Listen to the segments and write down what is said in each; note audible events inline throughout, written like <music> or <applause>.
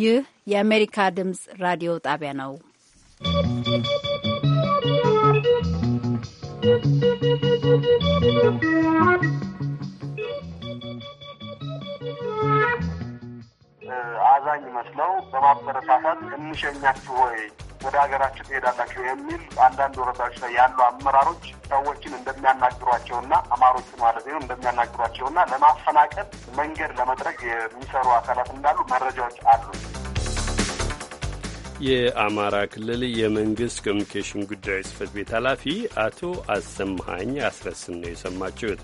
ይህ የአሜሪካ ድምፅ ራዲዮ ጣቢያ ነው። አዛኝ መስለው በማበረታታት እንሸኛችሁ ወይ ወደ ሀገራችሁ ትሄዳላችሁ የሚል አንዳንድ ወረዳዎች ላይ ያሉ አመራሮች ሰዎችን እንደሚያናግሯቸውና አማሮች ማለት ነው እንደሚያናግሯቸውና ለማፈናቀል መንገድ ለመጥረግ የሚሰሩ አካላት እንዳሉ መረጃዎች አሉ። የአማራ ክልል የመንግስት ኮሚኒኬሽን ጉዳዮች ጽህፈት ቤት ኃላፊ አቶ አሰማሀኝ አስረስን ነው የሰማችሁት።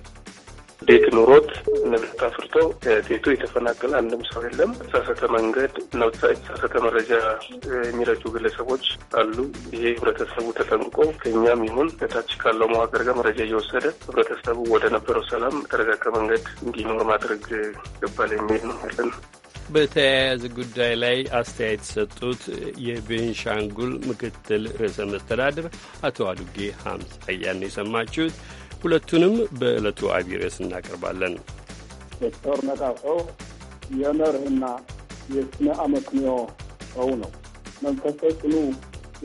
ቤት ኑሮት ንብረት አፍርቶ ከቤቱ የተፈናቀለ አንድም ሰው የለም። የተሳሳተ መንገድ ነው፣ የተሳሳተ መረጃ የሚረጩ ግለሰቦች አሉ። ይሄ ህብረተሰቡ ተጠንቆ ከእኛም ይሁን ከታች ካለው መዋቅር ጋር መረጃ እየወሰደ ህብረተሰቡ ወደ ነበረው ሰላም ተረጋጋ መንገድ እንዲኖር ማድረግ ይገባል የሚል ነው ያለን። በተያያዘ ጉዳይ ላይ አስተያየት የሰጡት የቤንሻንጉል ምክትል ርዕሰ መስተዳድር አቶ አዱጌ ሀምስ አያን የሰማችሁት። ሁለቱንም በዕለቱ አቢሬስ እናቀርባለን። ዶክተር ነቃሰው የመርህና የስነ አመክንዮ ሰው ነው። መንፈሰ ጽኑ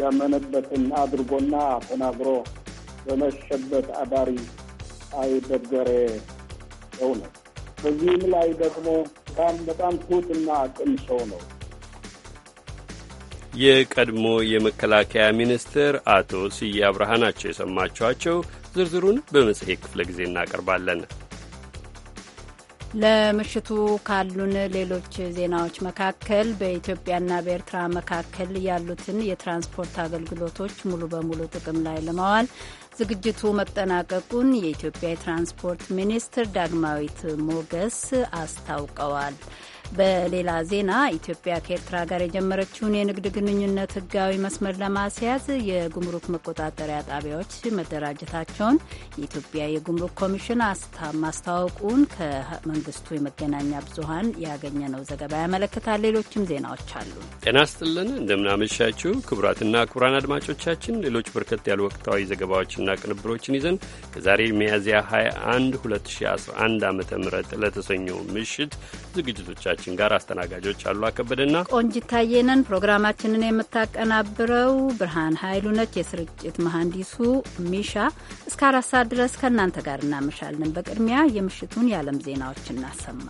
ያመነበትን አድርጎና ተናግሮ በመሸበት አዳሪ አይበገረ ሰው ነው። በዚህም ላይ ደግሞ በጣም በጣም ትሁትና ቅን ሰው ነው። የቀድሞ የመከላከያ ሚኒስትር አቶ ስዬ አብርሃ ናቸው የሰማችኋቸው። ዝርዝሩን በመጽሔት ክፍለ ጊዜ እናቀርባለን። ለምሽቱ ካሉን ሌሎች ዜናዎች መካከል በኢትዮጵያና በኤርትራ መካከል ያሉትን የትራንስፖርት አገልግሎቶች ሙሉ በሙሉ ጥቅም ላይ ለማዋል ዝግጅቱ መጠናቀቁን የኢትዮጵያ የትራንስፖርት ሚኒስትር ዳግማዊት ሞገስ አስታውቀዋል። በሌላ ዜና ኢትዮጵያ ከኤርትራ ጋር የጀመረችውን የንግድ ግንኙነት ህጋዊ መስመር ለማስያዝ የጉምሩክ መቆጣጠሪያ ጣቢያዎች መደራጀታቸውን የኢትዮጵያ የጉምሩክ ኮሚሽን ማስታወቁን ከመንግስቱ የመገናኛ ያገኘ ያገኘነው ዘገባ ያመለክታል። ሌሎችም ዜናዎች አሉ። ጤና ስጥልን፣ እንደምናመሻችሁ ክቡራትና ክቡራን አድማጮቻችን ሌሎች በርከት ያሉ ወቅታዊ ዘገባዎችና ቅንብሮችን ይዘን ከዛሬ ሚያዝያ 21 2011 ዓ ም ለተሰኘው ምሽት ዝግጅቶቻችን ጋር አስተናጋጆች አሉ አከበደና ቆንጅታየንን ፕሮግራማችንን የምታቀናብረው ብርሃን ኃይሉ ነች። የስርጭት መሐንዲሱ ሚሻ። እስከ አራት ሰዓት ድረስ ከእናንተ ጋር እናመሻለን። በቅድሚያ የምሽቱን የዓለም ዜናዎች እናሰማ።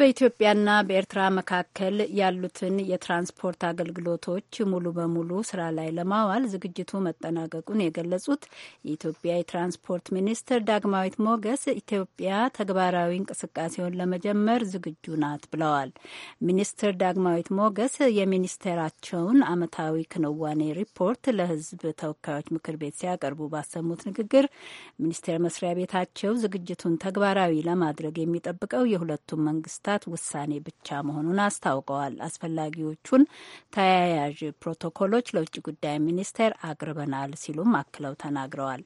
በኢትዮጵያና በኤርትራ መካከል ያሉትን የትራንስፖርት አገልግሎቶች ሙሉ በሙሉ ስራ ላይ ለማዋል ዝግጅቱ መጠናቀቁን የገለጹት የኢትዮጵያ የትራንስፖርት ሚኒስትር ዳግማዊት ሞገስ ኢትዮጵያ ተግባራዊ እንቅስቃሴውን ለመጀመር ዝግጁ ናት ብለዋል። ሚኒስትር ዳግማዊት ሞገስ የሚኒስቴራቸውን ዓመታዊ ክንዋኔ ሪፖርት ለሕዝብ ተወካዮች ምክር ቤት ሲያቀርቡ ባሰሙት ንግግር ሚኒስቴር መስሪያ ቤታቸው ዝግጅቱን ተግባራዊ ለማድረግ የሚጠብቀው የሁለቱም መንግስት መንግስታት ውሳኔ ብቻ መሆኑን አስታውቀዋል። አስፈላጊዎቹን ተያያዥ ፕሮቶኮሎች ለውጭ ጉዳይ ሚኒስቴር አቅርበናል ሲሉም አክለው ተናግረዋል።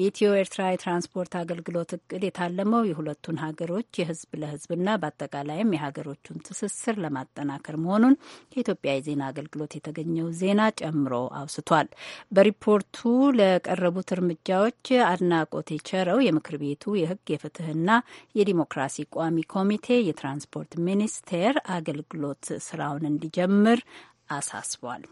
የኢትዮ ኤርትራ የትራንስፖርት አገልግሎት እቅድ የታለመው የሁለቱን ሀገሮች የህዝብ ለህዝብና በአጠቃላይም የሀገሮቹን ትስስር ለማጠናከር መሆኑን ከኢትዮጵያ የዜና አገልግሎት የተገኘው ዜና ጨምሮ አውስቷል። በሪፖርቱ ለቀረቡት እርምጃዎች አድናቆት የቸረው የምክር ቤቱ የህግ የፍትህና የዲሞክራሲ ቋሚ ኮሚቴ የትራንስ ትራንስፖርት ሚኒስቴር አገልግሎት ስራውን እንዲጀምር አሳስቧል።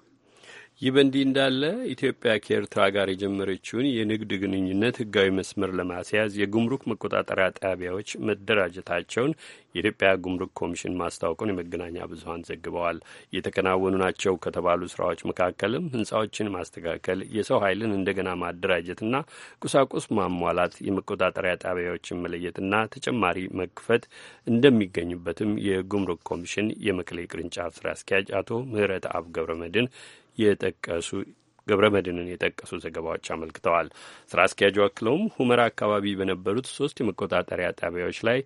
ይህ በእንዲህ እንዳለ ኢትዮጵያ ከኤርትራ ጋር የጀመረችውን የንግድ ግንኙነት ህጋዊ መስመር ለማስያዝ የጉምሩክ መቆጣጠሪያ ጣቢያዎች መደራጀታቸውን የኢትዮጵያ ጉምሩክ ኮሚሽን ማስታወቁን የመገናኛ ብዙኃን ዘግበዋል። የተከናወኑ ናቸው ከተባሉ ስራዎች መካከልም ህንፃዎችን ማስተካከል፣ የሰው ኃይልን እንደገና ማደራጀትና ቁሳቁስ ማሟላት፣ የመቆጣጠሪያ ጣቢያዎችን መለየትና ተጨማሪ መክፈት እንደሚገኙበትም የጉምሩክ ኮሚሽን የመቀሌ ቅርንጫፍ ስራ አስኪያጅ አቶ ምህረት አብ ገብረ መድን የጠቀሱ ገብረ መድንን የጠቀሱ ዘገባዎች አመልክተዋል። ስራ አስኪያጁ አክለውም ሁመራ አካባቢ በነበሩት ሶስት የመቆጣጠሪያ ጣቢያዎች ላይ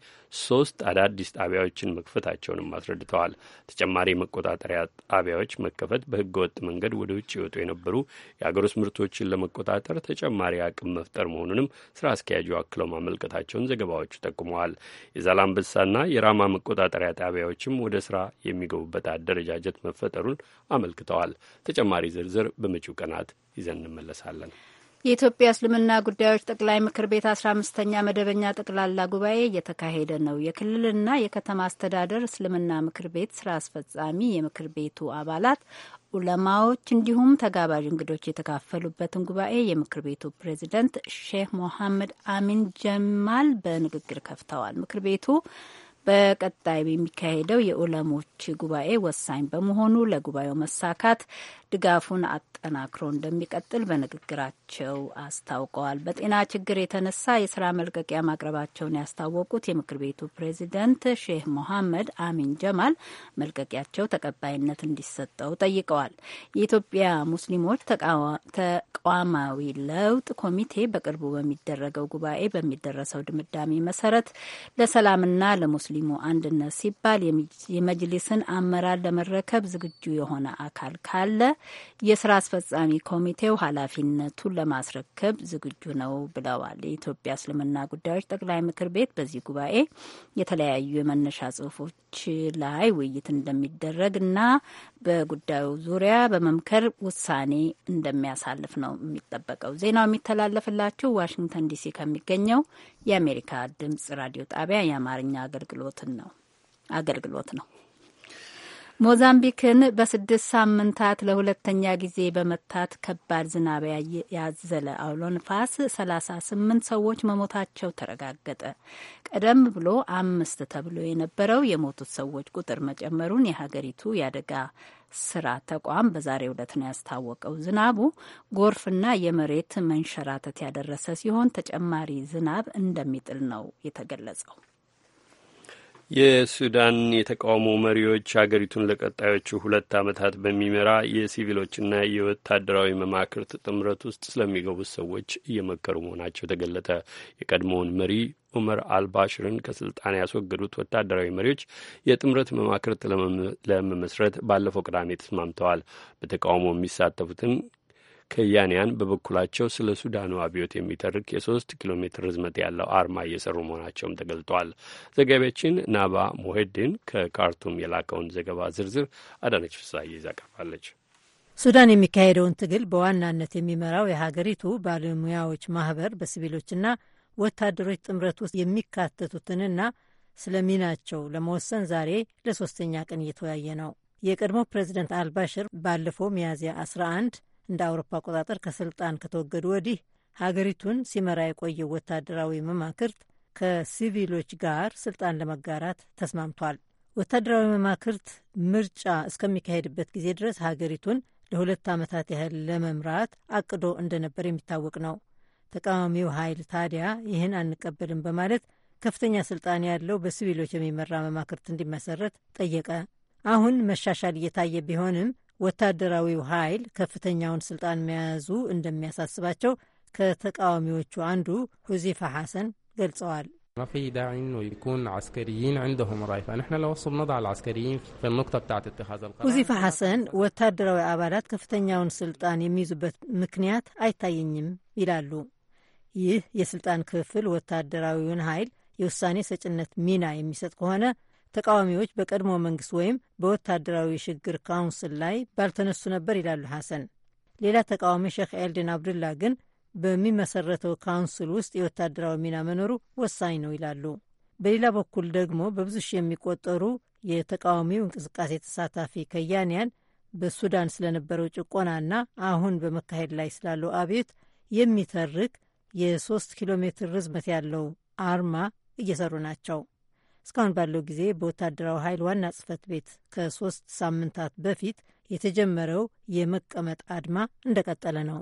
ሶስት አዳዲስ ጣቢያዎችን መክፈታቸውንም አስረድተዋል። ተጨማሪ መቆጣጠሪያ ጣቢያዎች መከፈት በህገወጥ መንገድ ወደ ውጭ ይወጡ የነበሩ የአገር ውስጥ ምርቶችን ለመቆጣጠር ተጨማሪ አቅም መፍጠር መሆኑንም ስራ አስኪያጁ አክለው ማመልከታቸውን ዘገባዎቹ ጠቁመዋል። የዛላምበሳና የራማ መቆጣጠሪያ ጣቢያዎችም ወደ ስራ የሚገቡበት አደረጃጀት መፈጠሩን አመልክተዋል። ተጨማሪ ዝርዝር በመጪው ቀናት ናት። ይዘን እንመለሳለን። የኢትዮጵያ እስልምና ጉዳዮች ጠቅላይ ምክር ቤት አስራ አምስተኛ መደበኛ ጠቅላላ ጉባኤ እየተካሄደ ነው። የክልልና የከተማ አስተዳደር እስልምና ምክር ቤት ስራ አስፈጻሚ፣ የምክር ቤቱ አባላት፣ ዑለማዎች እንዲሁም ተጋባዥ እንግዶች የተካፈሉበትን ጉባኤ የምክር ቤቱ ፕሬዚደንት ሼህ ሞሐመድ አሚን ጀማል በንግግር ከፍተዋል። ምክር ቤቱ በቀጣይ የሚካሄደው የኡለሞች ጉባኤ ወሳኝ በመሆኑ ለጉባኤው መሳካት ድጋፉን አጠናክሮ እንደሚቀጥል በንግግራቸው አስታውቀዋል። በጤና ችግር የተነሳ የስራ መልቀቂያ ማቅረባቸውን ያስታወቁት የምክር ቤቱ ፕሬዚደንት ሼህ ሞሐመድ አሚን ጀማል መልቀቂያቸው ተቀባይነት እንዲሰጠው ጠይቀዋል። የኢትዮጵያ ሙስሊሞች ተቋማዊ ለውጥ ኮሚቴ በቅርቡ በሚደረገው ጉባኤ በሚደረሰው ድምዳሜ መሰረት ለሰላምና ለሙስሊሙ አንድነት ሲባል የመጅሊስን አመራር ለመረከብ ዝግጁ የሆነ አካል ካለ የስራ አስፈጻሚ ኮሚቴው ኃላፊነቱን ለማስረከብ ዝግጁ ነው ብለዋል። የኢትዮጵያ እስልምና ጉዳዮች ጠቅላይ ምክር ቤት በዚህ ጉባኤ የተለያዩ የመነሻ ጽሁፎች ላይ ውይይት እንደሚደረግ እና በጉዳዩ ዙሪያ በመምከር ውሳኔ እንደሚያሳልፍ ነው የሚጠበቀው። ዜናው የሚተላለፍላችሁ ዋሽንግተን ዲሲ ከሚገኘው የአሜሪካ ድምጽ ራዲዮ ጣቢያ የአማርኛ አገልግሎትን ነው አገልግሎት ነው። ሞዛምቢክን በስድስት ሳምንታት ለሁለተኛ ጊዜ በመታት ከባድ ዝናብ ያዘለ አውሎ ንፋስ ስምንት ሰዎች መሞታቸው ተረጋገጠ። ቀደም ብሎ አምስት ተብሎ የነበረው የሞቱት ሰዎች ቁጥር መጨመሩን የሀገሪቱ የአደጋ ስራ ተቋም በዛሬ ዕለት ነው ያስታወቀው። ዝናቡ ጎርፍና የመሬት መንሸራተት ያደረሰ ሲሆን ተጨማሪ ዝናብ እንደሚጥል ነው የተገለጸው። የሱዳን የተቃውሞ መሪዎች አገሪቱን ለቀጣዮቹ ሁለት ዓመታት በሚመራ የሲቪሎችና የወታደራዊ መማክርት ጥምረት ውስጥ ስለሚገቡት ሰዎች እየመከሩ መሆናቸው ተገለጠ። የቀድሞውን መሪ ኡመር አልባሽርን ከስልጣን ያስወገዱት ወታደራዊ መሪዎች የጥምረት መማክርት ለመመስረት ባለፈው ቅዳሜ ተስማምተዋል። በተቃውሞ የሚሳተፉትን ከያንያን በበኩላቸው ስለ ሱዳኑ አብዮት የሚተርክ የሶስት ኪሎ ሜትር ርዝመት ያለው አርማ እየሰሩ መሆናቸውም ተገልጧል። ዘጋቢያችን ናባ ሞሄድን ከካርቱም የላከውን ዘገባ ዝርዝር አዳነች ፍስሐዬ ይዛ ቀርባለች። ሱዳን የሚካሄደውን ትግል በዋናነት የሚመራው የሀገሪቱ ባለሙያዎች ማህበር በሲቪሎችና ወታደሮች ጥምረት ውስጥ የሚካተቱትንና ስለ ሚናቸው ለመወሰን ዛሬ ለሶስተኛ ቀን እየተወያየ ነው። የቀድሞ ፕሬዚደንት አልባሽር ባለፈው ሚያዝያ 11 እንደ አውሮፓ አቆጣጠር ከስልጣን ከተወገዱ ወዲህ ሀገሪቱን ሲመራ የቆየው ወታደራዊ መማክርት ከሲቪሎች ጋር ስልጣን ለመጋራት ተስማምቷል። ወታደራዊ መማክርት ምርጫ እስከሚካሄድበት ጊዜ ድረስ ሀገሪቱን ለሁለት ዓመታት ያህል ለመምራት አቅዶ እንደነበር የሚታወቅ ነው። ተቃዋሚው ኃይል ታዲያ ይህን አንቀበልም በማለት ከፍተኛ ስልጣን ያለው በሲቪሎች የሚመራ መማክርት እንዲመሰረት ጠየቀ። አሁን መሻሻል እየታየ ቢሆንም ወታደራዊው ኃይል ከፍተኛውን ስልጣን መያዙ እንደሚያሳስባቸው ከተቃዋሚዎቹ አንዱ ሁዚፋ ሐሰን ገልጸዋል። ሁዚፋ ሐሰን ወታደራዊ አባላት ከፍተኛውን ስልጣን የሚይዙበት ምክንያት አይታየኝም ይላሉ። ይህ የስልጣን ክፍል ወታደራዊውን ኃይል የውሳኔ ሰጭነት ሚና የሚሰጥ ከሆነ ተቃዋሚዎች በቀድሞ መንግስት ወይም በወታደራዊ ሽግር ካውንስል ላይ ባልተነሱ ነበር ይላሉ ሐሰን። ሌላ ተቃዋሚ ሼክ ኤልድን አብዱላ ግን በሚመሰረተው ካውንስል ውስጥ የወታደራዊ ሚና መኖሩ ወሳኝ ነው ይላሉ። በሌላ በኩል ደግሞ በብዙ ሺህ የሚቆጠሩ የተቃዋሚው እንቅስቃሴ ተሳታፊ ከያንያን በሱዳን ስለነበረው ጭቆናና አሁን በመካሄድ ላይ ስላለው አብዮት የሚተርክ የሶስት ኪሎ ሜትር ርዝመት ያለው አርማ እየሰሩ ናቸው። እስካሁን ባለው ጊዜ በወታደራዊ ኃይል ዋና ጽህፈት ቤት ከሶስት ሳምንታት በፊት የተጀመረው የመቀመጥ አድማ እንደቀጠለ ነው።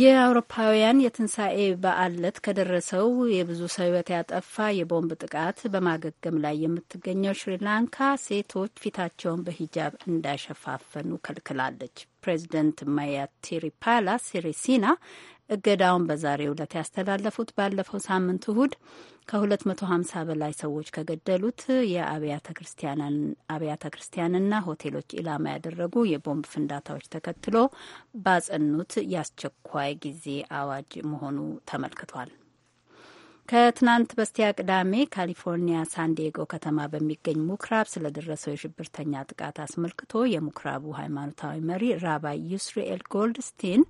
የአውሮፓውያን የትንሣኤ በዓል ዕለት ከደረሰው የብዙ ሰው ሕይወት ያጠፋ የቦምብ ጥቃት በማገገም ላይ የምትገኘው ሽሪላንካ ሴቶች ፊታቸውን በሂጃብ እንዳይሸፋፈኑ ከልክላለች። ፕሬዚደንት ማያቴሪፓላ ሲሪሲና እገዳውን በዛሬው ዕለት ያስተላለፉት ባለፈው ሳምንት እሁድ ከ250 በላይ ሰዎች ከገደሉት የአብያተ ክርስቲያንና ሆቴሎች ኢላማ ያደረጉ የቦምብ ፍንዳታዎች ተከትሎ ባጸኑት የአስቸኳይ ጊዜ አዋጅ መሆኑ ተመልክቷል። ከትናንት በስቲያ ቅዳሜ ካሊፎርኒያ ሳንዲየጎ ከተማ በሚገኝ ምኩራብ ስለደረሰው የሽብርተኛ ጥቃት አስመልክቶ የምኩራቡ ሃይማኖታዊ መሪ ራባይ ዩስሪኤል ጎልድስቲን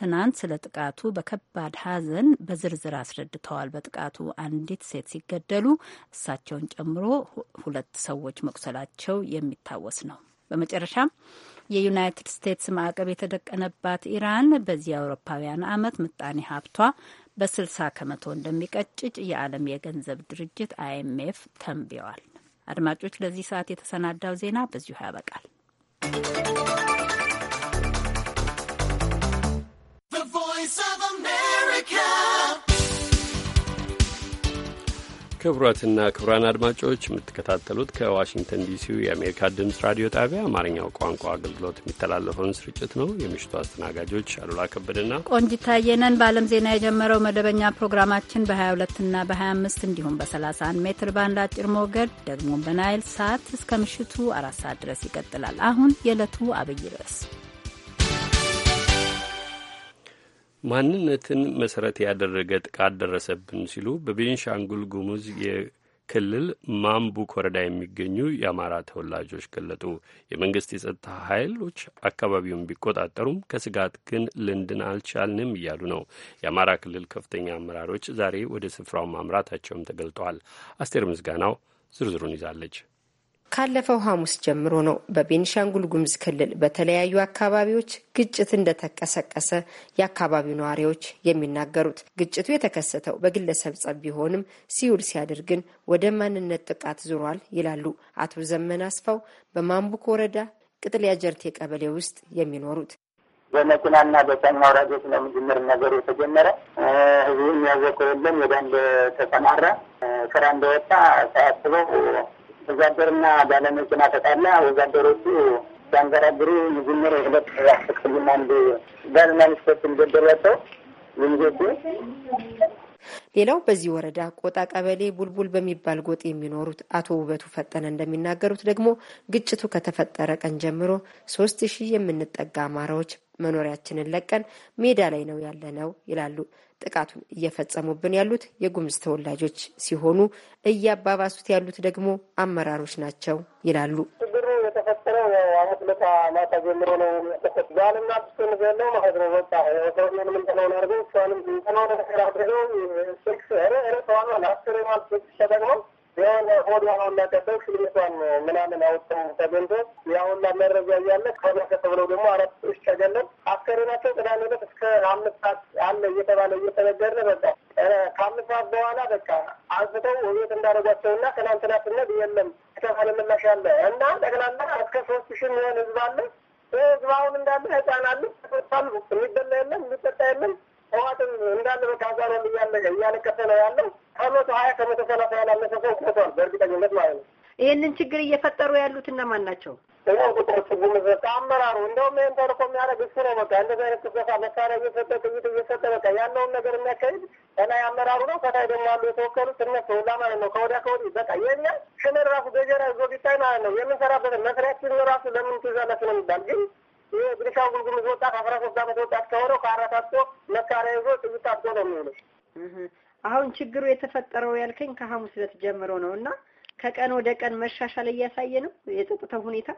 ትናንት ስለ ጥቃቱ በከባድ ሐዘን በዝርዝር አስረድተዋል። በጥቃቱ አንዲት ሴት ሲገደሉ እሳቸውን ጨምሮ ሁለት ሰዎች መቁሰላቸው የሚታወስ ነው። በመጨረሻም የዩናይትድ ስቴትስ ማዕቀብ የተደቀነባት ኢራን በዚህ አውሮፓውያን ዓመት ምጣኔ ሀብቷ በ60 ከመቶ እንደሚቀጭጭ የዓለም የገንዘብ ድርጅት አይኤምኤፍ ተንብየዋል። አድማጮች፣ ለዚህ ሰዓት የተሰናዳው ዜና በዚሁ ያበቃል። The ክቡራትና ክቡራን አድማጮች የምትከታተሉት ከዋሽንግተን ዲሲው የአሜሪካ ድምፅ ራዲዮ ጣቢያ አማርኛው ቋንቋ አገልግሎት የሚተላለፈውን ስርጭት ነው። የምሽቱ አስተናጋጆች አሉላ ከበድና ቆንጂታ የነን። በዓለም ዜና የጀመረው መደበኛ ፕሮግራማችን በ22ና በ25 እንዲሁም በ31 ሜትር ባንድ አጭር ሞገድ ደግሞ በናይል ሰዓት እስከ ምሽቱ አራት ሰዓት ድረስ ይቀጥላል። አሁን የዕለቱ አብይ ርዕስ ማንነትን መሰረት ያደረገ ጥቃት ደረሰብን ሲሉ በቤንሻንጉል ጉሙዝ ክልል ማምቡክ ወረዳ የሚገኙ የአማራ ተወላጆች ገለጡ። የመንግስት የጸጥታ ኃይሎች አካባቢውን ቢቆጣጠሩም ከስጋት ግን ልንድን አልቻልንም እያሉ ነው። የአማራ ክልል ከፍተኛ አመራሮች ዛሬ ወደ ስፍራው ማምራታቸውም ተገልጠዋል። አስቴር ምስጋናው ዝርዝሩን ይዛለች። ካለፈው ሐሙስ ጀምሮ ነው በቤንሻንጉል ጉምዝ ክልል በተለያዩ አካባቢዎች ግጭት እንደተቀሰቀሰ የአካባቢው ነዋሪዎች የሚናገሩት። ግጭቱ የተከሰተው በግለሰብ ጸብ ቢሆንም ሲውል ሲያድር ግን ወደ ማንነት ጥቃት ዙሯል ይላሉ አቶ ዘመን አስፋው በማንቡክ ወረዳ ቅጥልያ ጀርቴ ቀበሌ ውስጥ የሚኖሩት። በመኪናና በሰኛ ወራጆች ነው ምጅምር ነገር የተጀመረ። ህዝቡም ያዘኮ የለም ወደ አንድ ተሰማራ ስራ እንደወጣ ሳያስበው ወዛደርና ባለመኪና ተጣላ። ወዛደሮቹ ሲያንገራግሩ ምዝምር ሁለት አስክልና አንድ ባልና ሚስቶች እንደደረሰው ልንጌቱ ሌላው በዚህ ወረዳ ቆጣ ቀበሌ ቡልቡል በሚባል ጎጥ የሚኖሩት አቶ ውበቱ ፈጠነ እንደሚናገሩት ደግሞ ግጭቱ ከተፈጠረ ቀን ጀምሮ ሶስት ሺህ የምንጠጋ አማራዎች መኖሪያችንን ለቀን ሜዳ ላይ ነው ያለ ነው ይላሉ። ጥቃቱን እየፈጸሙብን ያሉት የጉምዝ ተወላጆች ሲሆኑ እያባባሱት ያሉት ደግሞ አመራሮች ናቸው ይላሉ። ችግሩ የተፈጠረው አሙስ ለታ ማታ ጀምሮ ነው። ባልና ስን ዘለው ማለት ነው። በቃ ሰውየን ምንትነውን አድርገው ሰንም ምንትነው ተራ አድርገው ስልክ ረ ረ ሰዋ ለአስር ማል ስልክ ተጠቅመው የሆነ ወዲያ አናቀበል ስልቷን ምናምን አወጣው ተገንዘ የአሁላ መረጃ እያለ ከዚያ ከተብለው ደግሞ አራት ሰዎች ተገለን አስከሬናቸው ቅዳሜ ዕለት እስከ አምስት ሰዓት አለ እየተባለ እየተነገርን በቃ ከአምስት ሰዓት በኋላ በቃ አንስተው እቤት እንዳደረጓቸውና ትናንትና ስነት የለም የተባለ ምላሽ አለ እና ጠቅላላ እስከ ሶስት ሺህ የሚሆን ህዝብ አለ ህዝብ አሁን እንዳለ ህፃን አለ የሚበላ የለም የሚጠጣ የለም ህዋትም እንዳለ በካዛና እያለቀሰ ነው ያለው። ከመቶ ሀያ ከመቶ ሰላሳ ያላለፈ ሰው ሞቷል በእርግጠኝነት ማለት ነው። ይህንን ችግር እየፈጠሩ ያሉት እነማን ናቸው? አመራሩ እንደውም ይህን ተልኮ የሚያደርግ እሱ ነው። በቃ እንደዚህ አይነት ክሰሳ መሳሪያ እየሰጠ ጥይት እየሰጠ በቃ ያለውን ነገር የሚያካሂድ ከላይ አመራሩ ነው። ከታይ ደግሞ አሉ የተወከሉት እነሱ ሁላ ማለት ነው። ከወዲያ ከወዲህ በቃ የኛ ሽመን ራሱ ገጀራ ይዞ ቢታይ ማለት ነው የምንሰራበትን መስሪያችን ራሱ ለምን ትይዛላችሁ ነው የሚባል ግን የብሪሻ ጉሙዝ ወጣት አስራ ሶስት አመት ወጣት ከሆነው ከአራት መሳሪያ ይዞ ጥይት አጥቶ ነው የሚሆነው። አሁን ችግሩ የተፈጠረው ያልከኝ ከሐሙስ ዕለት ጀምሮ ነው እና ከቀን ወደ ቀን መሻሻል እያሳየ ነው የጸጥታው ሁኔታ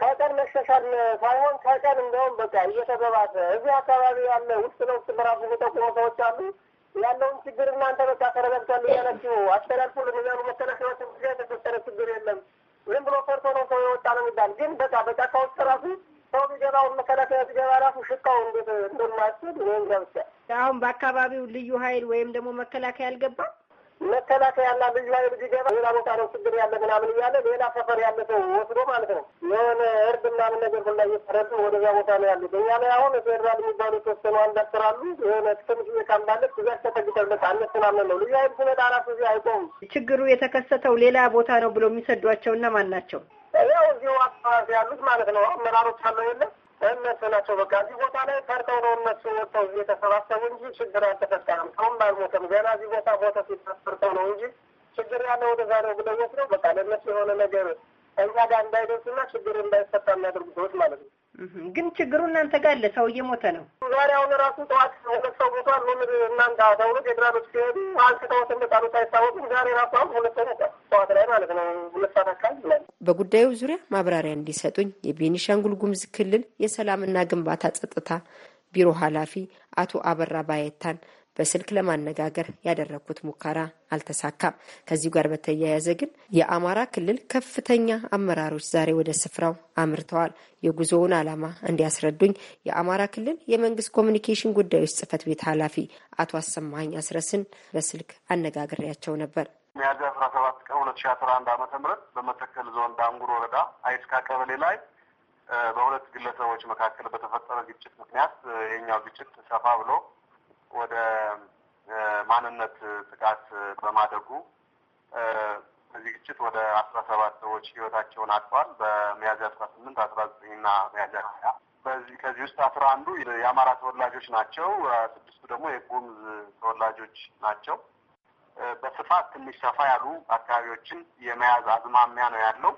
ከቀን መሻሻል ሳይሆን ከቀን እንደውም በቃ እየተገባት እዚህ አካባቢ ያለ ውስጥ ለውስጥ ምዕራፍ የሚጠቁሙ ሰዎች አሉ ያለውን ችግር እናንተ በቃ ተረጋግቷል እያላችሁ አስተላልፉልን ለሚያሉ መከላከያ ጊዜ የተፈጠረ ችግር የለም ዝም ብሎ ፈርቶ ነው ሰው የወጣ ነው የሚባል ግን በቃ በጫካ ውስጥ ራሱ ሰው ቢገባ መከላከያ ቢገባ ራሱ ሽታው እንዴት እንደማያስብ ወይም ገብቻ አሁን በአካባቢው ልዩ ኃይል ወይም ደግሞ መከላከያ አልገባም። መከላከያ መከላከያና ልዩ ኃይል ቢገባ ሌላ ቦታ ነው ችግር ያለ ምናምን እያለ ሌላ ሰፈር ያለ ሰው ወስዶ ማለት ነው የሆነ እርድ ምናምን ነገር ሁላ እየተረዱ ወደዛ ቦታ ነው ያሉት። እኛ ላይ አሁን ፌዴራል የሚባሉ የተወሰኑ አንዳንድ ስራሉ የሆነ ትንሽ ካምባለት እዛ ተጠግተለት አነስናምን ነው ልዩ ኃይል ስመጣ ራሱ እዚህ አይቆም። ችግሩ የተከሰተው ሌላ ቦታ ነው ብሎ የሚሰዷቸው እነማን ናቸው? ያው እዚሁ አካባቢ ያሉት ማለት ነው አመራሮች አለ የለ እነሱ ናቸው። በቃ እዚህ ቦታ ላይ ፈርተው ነው እነሱ ወጥተው እዚህ የተሰባሰቡ እንጂ ችግር አልተፈጠረም። ሰውም ባልሞተም ገና እዚህ ቦታ ቦታ ሲፈርተው ነው እንጂ ችግር ያለው ወደዛ ነው ብለው ነው በቃ ለእነሱ የሆነ ነገር እኛ ጋር እንዳይደርሱና ችግር እንዳይፈታ የሚያደርጉ ሰዎች ማለት ነው። ግን ችግሩ እናንተ ጋር አለ። ሰው እየሞተ ነው። ዛሬ አሁን ራሱ ጠዋት ሁለት ሰው ሞቷል። መምህር እናንተ ተብሎ ፌዴራሎች ሲሄዱ አንስተውት እንደጣሉት አይታወቅም። ዛሬ ራሱ አሁን ሁለት ሰው ጠዋት ላይ ማለት ነው። ሁለት ሰዓት አካባቢ በጉዳዩ ዙሪያ ማብራሪያ እንዲሰጡኝ የቤኒሻንጉል ጉምዝ ክልል የሰላምና ግንባታ ጸጥታ ቢሮ ኃላፊ አቶ አበራ ባየታን በስልክ ለማነጋገር ያደረግኩት ሙከራ አልተሳካም። ከዚሁ ጋር በተያያዘ ግን የአማራ ክልል ከፍተኛ አመራሮች ዛሬ ወደ ስፍራው አምርተዋል። የጉዞውን ዓላማ እንዲያስረዱኝ የአማራ ክልል የመንግስት ኮሚኒኬሽን ጉዳዮች ጽህፈት ቤት ኃላፊ አቶ አሰማኝ አስረስን በስልክ አነጋግሬያቸው ነበር። ሚያዝያ አስራ ሰባት ቀን ሁለት ሺ አስራ አንድ ምህረት በመተከል ዞን ዳንጉር ወረዳ አይስካ ቀበሌ ላይ በሁለት ግለሰቦች መካከል በተፈጠረ ግጭት ምክንያት ይሄኛው ግጭት ሰፋ ብሎ ወደ ማንነት ጥቃት በማደጉ እዚህ ግጭት ወደ አስራ ሰባት ሰዎች ህይወታቸውን አጥተዋል። በሚያዝያ አስራ ስምንት አስራ ዘጠኝ እና ሚያዝያ ሀያ በዚህ ከዚህ ውስጥ አስራ አንዱ የአማራ ተወላጆች ናቸው። ስድስቱ ደግሞ የጎምዝ ተወላጆች ናቸው። በስፋት ትንሽ ሰፋ ያሉ አካባቢዎችን የመያዝ አዝማሚያ ነው ያለው።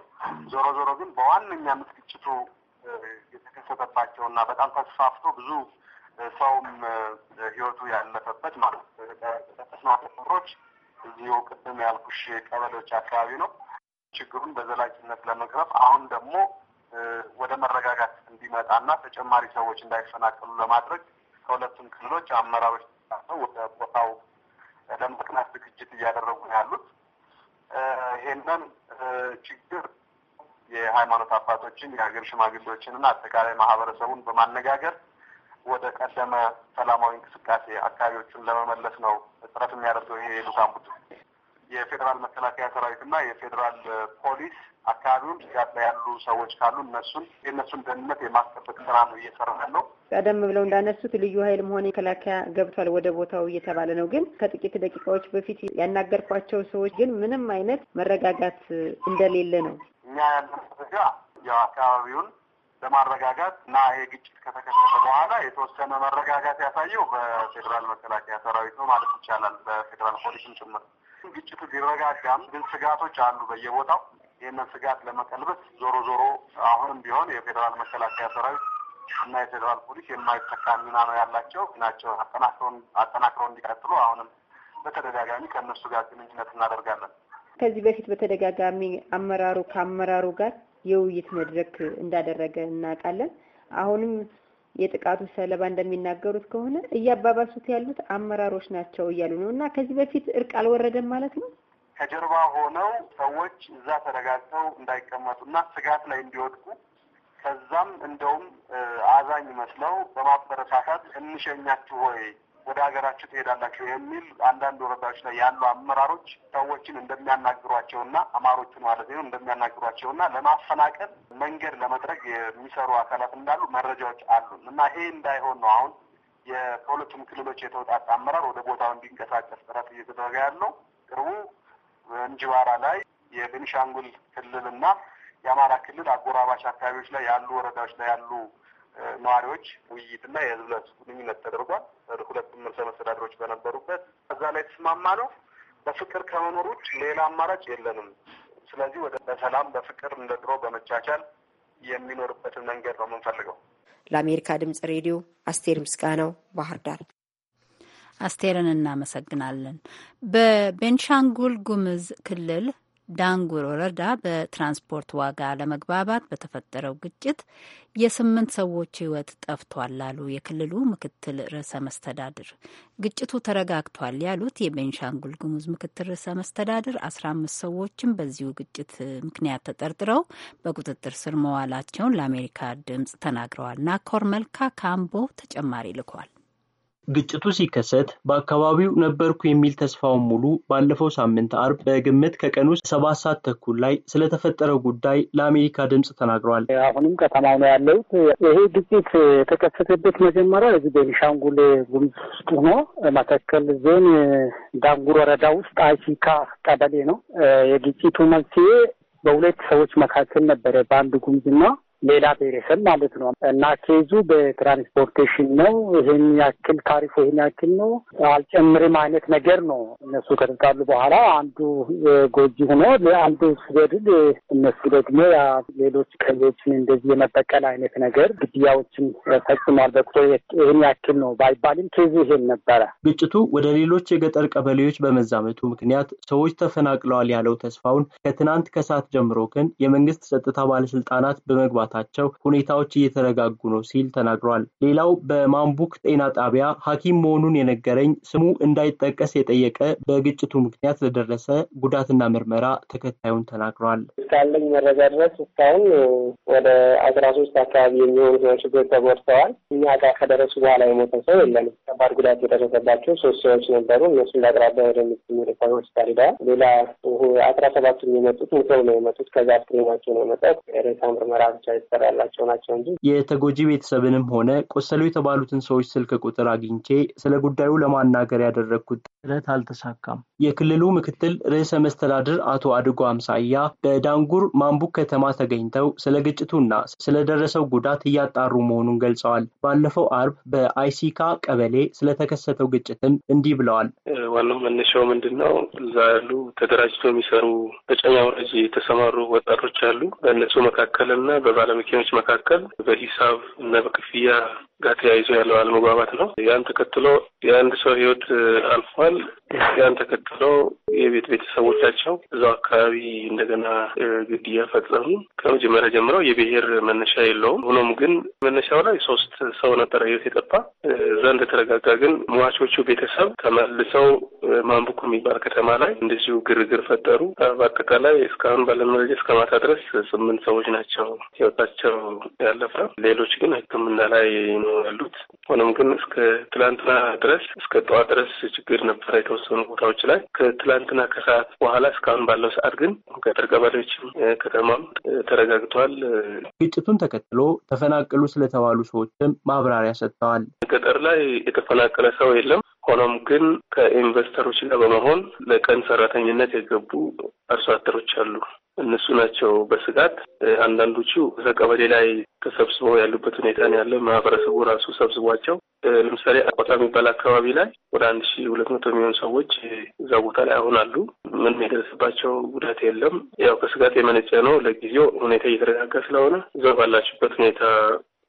ዞሮ ዞሮ ግን በዋነኛነት ግጭቱ የተከሰተባቸው እና በጣም ተስፋፍቶ ብዙ ሰውም ህይወቱ ያለፈበት ማለት ተጠቅስና እዚሁ ቅድም ያልኩሽ ቀበሌዎች አካባቢ ነው። ችግሩን በዘላቂነት ለመቅረፍ አሁን ደግሞ ወደ መረጋጋት እንዲመጣና ተጨማሪ ሰዎች እንዳይፈናቀሉ ለማድረግ ከሁለቱም ክልሎች አመራሮች ወደ ቦታው ለመቅናት ዝግጅት እያደረጉ ያሉት ይሄንን ችግር የሃይማኖት አባቶችን፣ የሀገር ሽማግሌዎችን አጠቃላይ ማህበረሰቡን በማነጋገር ወደ ቀደመ ሰላማዊ እንቅስቃሴ አካባቢዎቹን ለመመለስ ነው ጥረት የሚያደርገው ይሄ የልኡካን ቡድን። የፌዴራል መከላከያ ሰራዊትና የፌዴራል ፖሊስ አካባቢውን ስጋት ላይ ያሉ ሰዎች ካሉ እነሱን የእነሱን ደህንነት የማስጠበቅ ስራ ነው እየሰራ ያለው። ቀደም ብለው እንዳነሱት ልዩ ኃይልም መሆን መከላከያ ገብቷል ወደ ቦታው እየተባለ ነው። ግን ከጥቂት ደቂቃዎች በፊት ያናገርኳቸው ሰዎች ግን ምንም አይነት መረጋጋት እንደሌለ ነው እኛ ያለን መረጃ የአካባቢውን ለማረጋጋት እና ይሄ ግጭት ከተከሰተ በኋላ የተወሰነ መረጋጋት ያሳየው በፌዴራል መከላከያ ሰራዊት ነው ማለት ይቻላል፣ በፌዴራል ፖሊስም ጭምር። ግጭቱ ቢረጋጋም ግን ስጋቶች አሉ በየቦታው። ይህንን ስጋት ለመቀልበስ ዞሮ ዞሮ አሁንም ቢሆን የፌዴራል መከላከያ ሰራዊት እና የፌዴራል ፖሊስ የማይተካ ሚና ነው ያላቸው ናቸው። አጠናክረው እንዲቀጥሉ አሁንም በተደጋጋሚ ከእነሱ ጋር ግንኙነት እናደርጋለን። ከዚህ በፊት በተደጋጋሚ አመራሩ ከአመራሩ ጋር የውይይት መድረክ እንዳደረገ እናውቃለን። አሁንም የጥቃቱ ሰለባ እንደሚናገሩት ከሆነ እያባባሱት ያሉት አመራሮች ናቸው እያሉ ነው። እና ከዚህ በፊት እርቅ አልወረደም ማለት ነው። ከጀርባ ሆነው ሰዎች እዛ ተረጋግተው እና ስጋት ላይ እንዲወድቁ ከዛም እንደውም አዛኝ መስለው በማበረታታት እንሸኛችሁ ወይ ወደ ሀገራችሁ ትሄዳላችሁ የሚል አንዳንድ ወረዳዎች ላይ ያሉ አመራሮች ሰዎችን እንደሚያናግሯቸውና አማሮቹን ማለት ነው እንደሚያናግሯቸውና ለማፈናቀል መንገድ ለመድረግ የሚሰሩ አካላት እንዳሉ መረጃዎች አሉ እና ይሄ እንዳይሆን ነው አሁን የሁለቱም ክልሎች የተውጣጣ አመራር ወደ ቦታው እንዲንቀሳቀስ ጥረት እየተደረገ ያለው። ቅርቡ እንጅባራ ላይ የቤኒሻንጉል ክልልና የአማራ ክልል አጎራባች አካባቢዎች ላይ ያሉ ወረዳዎች ላይ ያሉ ነዋሪዎች ውይይትና የህዝብ ለህዝብ ግንኙነት ተደርጓል። ሁለቱም ርዕሰ መስተዳድሮች በነበሩበት እዛ ላይ ተስማማ ነው። በፍቅር ከመኖር ውጭ ሌላ አማራጭ የለንም። ስለዚህ ወደ በሰላም በፍቅር እንደ ድሮ በመቻቻል የሚኖርበትን መንገድ ነው የምንፈልገው። ለአሜሪካ ድምጽ ሬዲዮ አስቴር ምስጋናው ባህር ዳር። አስቴርን እናመሰግናለን። በቤንሻንጉል ጉምዝ ክልል ዳንጉር ወረዳ በትራንስፖርት ዋጋ ለመግባባት በተፈጠረው ግጭት የስምንት ሰዎች ሕይወት ጠፍቷል አሉ የክልሉ ምክትል ርዕሰ መስተዳድር። ግጭቱ ተረጋግቷል ያሉት የቤንሻንጉል ጉሙዝ ምክትል ርዕሰ መስተዳድር አስራ አምስት ሰዎችም በዚሁ ግጭት ምክንያት ተጠርጥረው በቁጥጥር ስር መዋላቸውን ለአሜሪካ ድምጽ ተናግረዋል። ናኮር መልካ ካምቦ ተጨማሪ ልኳል። ግጭቱ ሲከሰት በአካባቢው ነበርኩ የሚል ተስፋውን ሙሉ ባለፈው ሳምንት አርብ በግምት ከቀኑ ሰባት ሰዓት ተኩል ላይ ስለተፈጠረው ጉዳይ ለአሜሪካ ድምፅ ተናግሯል። አሁንም ከተማው ነው ያለሁት። ይሄ ግጭት የተከሰተበት መጀመሪያ እዚህ ቤኒሻንጉል ጉሙዝ ውስጥ ሆኖ መተከል ዞን ዳንጉር ወረዳ ውስጥ አይሲካ ቀበሌ ነው። የግጭቱ መንስኤ በሁለት ሰዎች መካከል ነበረ በአንድ ጉሙዝና ሌላ ብሔረሰብ ማለት ነው እና ኬዙ በትራንስፖርቴሽን ነው። ይህን ያክል ታሪፉ ይህን ያክል ነው አልጨምርም አይነት ነገር ነው። እነሱ ከተጣሉ በኋላ አንዱ ጎጂ ሆኖ አንዱ ስገድል፣ እነሱ ደግሞ ሌሎች ቀዮችን እንደዚህ የመበቀል አይነት ነገር ግድያዎችን ፈጽሟል። በቁጥር ይህን ያክል ነው ባይባልም ኬዙ ይሄን ነበረ። ግጭቱ ወደ ሌሎች የገጠር ቀበሌዎች በመዛመቱ ምክንያት ሰዎች ተፈናቅለዋል ያለው ተስፋውን ከትናንት ከሰዓት ጀምሮ ግን የመንግስት ጸጥታ ባለስልጣናት በመግባት በመምጣታቸው ሁኔታዎች እየተረጋጉ ነው ሲል ተናግሯል። ሌላው በማምቡክ ጤና ጣቢያ ሐኪም መሆኑን የነገረኝ ስሙ እንዳይጠቀስ የጠየቀ በግጭቱ ምክንያት ለደረሰ ጉዳትና ምርመራ ተከታዩን ተናግሯል። እስካለኝ መረጃ ድረስ እስካሁን ወደ አስራ ሶስት አካባቢ የሚሆኑ ሰዎች ጎ ተጎድተዋል። እኛ ጋር ከደረሱ በኋላ የሞተ ሰው የለም። ከባድ ጉዳት የደረሰባቸው ሶስት ሰዎች ነበሩ። እነሱ እንዳቅራቢያ ወደሚገኝ ሆስፒታል ሄደዋል። ሌላ አስራ ሰባቱ የመጡት ሙተው ነው የመጡት። ከዛ አስክሬናቸው ነው የመጣው። ሬሳ ምርመራ ብቻ መነጽር ያላቸው ናቸው እንጂ የተጎጂ ቤተሰብንም ሆነ ቆሰሉ የተባሉትን ሰዎች ስልክ ቁጥር አግኝቼ ስለ ጉዳዩ ለማናገር ያደረግኩት ጥረት አልተሳካም። የክልሉ ምክትል ርዕሰ መስተዳድር አቶ አድጎ አምሳያ በዳንጉር ማንቡክ ከተማ ተገኝተው ስለ ግጭቱና ስለደረሰው ጉዳት እያጣሩ መሆኑን ገልጸዋል። ባለፈው አርብ በአይሲካ ቀበሌ ስለተከሰተው ግጭትም እንዲህ ብለዋል። ዋናው መነሻው ምንድን ነው? እዛ ያሉ ተደራጅቶ የሚሰሩ በጨኛ ወረጅ የተሰማሩ ወጣቶች አሉ። በእነሱ መካከልና በባለ ባለመኪኖች መካከል በሂሳብ እና በክፍያ ጋር ተያይዞ ያለው አለመግባባት ነው። ያን ተከትሎ የአንድ ሰው ህይወት አልፏል። ያን ተከትሎ የቤት ቤተሰቦቻቸው እዛው አካባቢ እንደገና ግድያ ፈጸሙ። ከመጀመሪያ ጀምረው የብሔር መነሻ የለውም። ሆኖም ግን መነሻው ላይ ሶስት ሰው ነበረ ህይወት የጠፋ። እዛ እንደተረጋጋ ግን ሟቾቹ ቤተሰብ ተመልሰው ማንቡኩ የሚባል ከተማ ላይ እንደዚሁ ግርግር ፈጠሩ። በአጠቃላይ እስካሁን ባለመረጃ እስከማታ ድረስ ስምንት ሰዎች ናቸው ህይወት ህይወታቸው ያለፈ፣ ሌሎች ግን ህክምና ላይ ነው ያሉት። ሆኖም ግን እስከ ትላንትና ድረስ እስከ ጠዋት ድረስ ችግር ነበረ የተወሰኑ ቦታዎች ላይ። ከትላንትና ከሰዓት በኋላ እስካሁን ባለው ሰዓት ግን ገጠር ቀበሌዎችም ከተማም ተረጋግተዋል። ግጭቱን ተከትሎ ተፈናቀሉ ስለተባሉ ሰዎችም ማብራሪያ ሰጥተዋል። ገጠር ላይ የተፈናቀለ ሰው የለም። ሆኖም ግን ከኢንቨስተሮች ጋር በመሆን ለቀን ሰራተኝነት የገቡ አርሶ አደሮች አሉ። እነሱ ናቸው በስጋት አንዳንዶቹ እዛ ቀበሌ ላይ ተሰብስበው ያሉበት ሁኔታ ነው ያለ። ማህበረሰቡ ራሱ ሰብስቧቸው ለምሳሌ አቆጣ የሚባል አካባቢ ላይ ወደ አንድ ሺ ሁለት መቶ የሚሆኑ ሰዎች እዛ ቦታ ላይ አሁን አሉ። ምንም የደረሰባቸው ጉዳት የለም። ያው ከስጋት የመነጨ ነው። ለጊዜው ሁኔታ እየተረጋጋ ስለሆነ እዛው ባላችሁበት ሁኔታ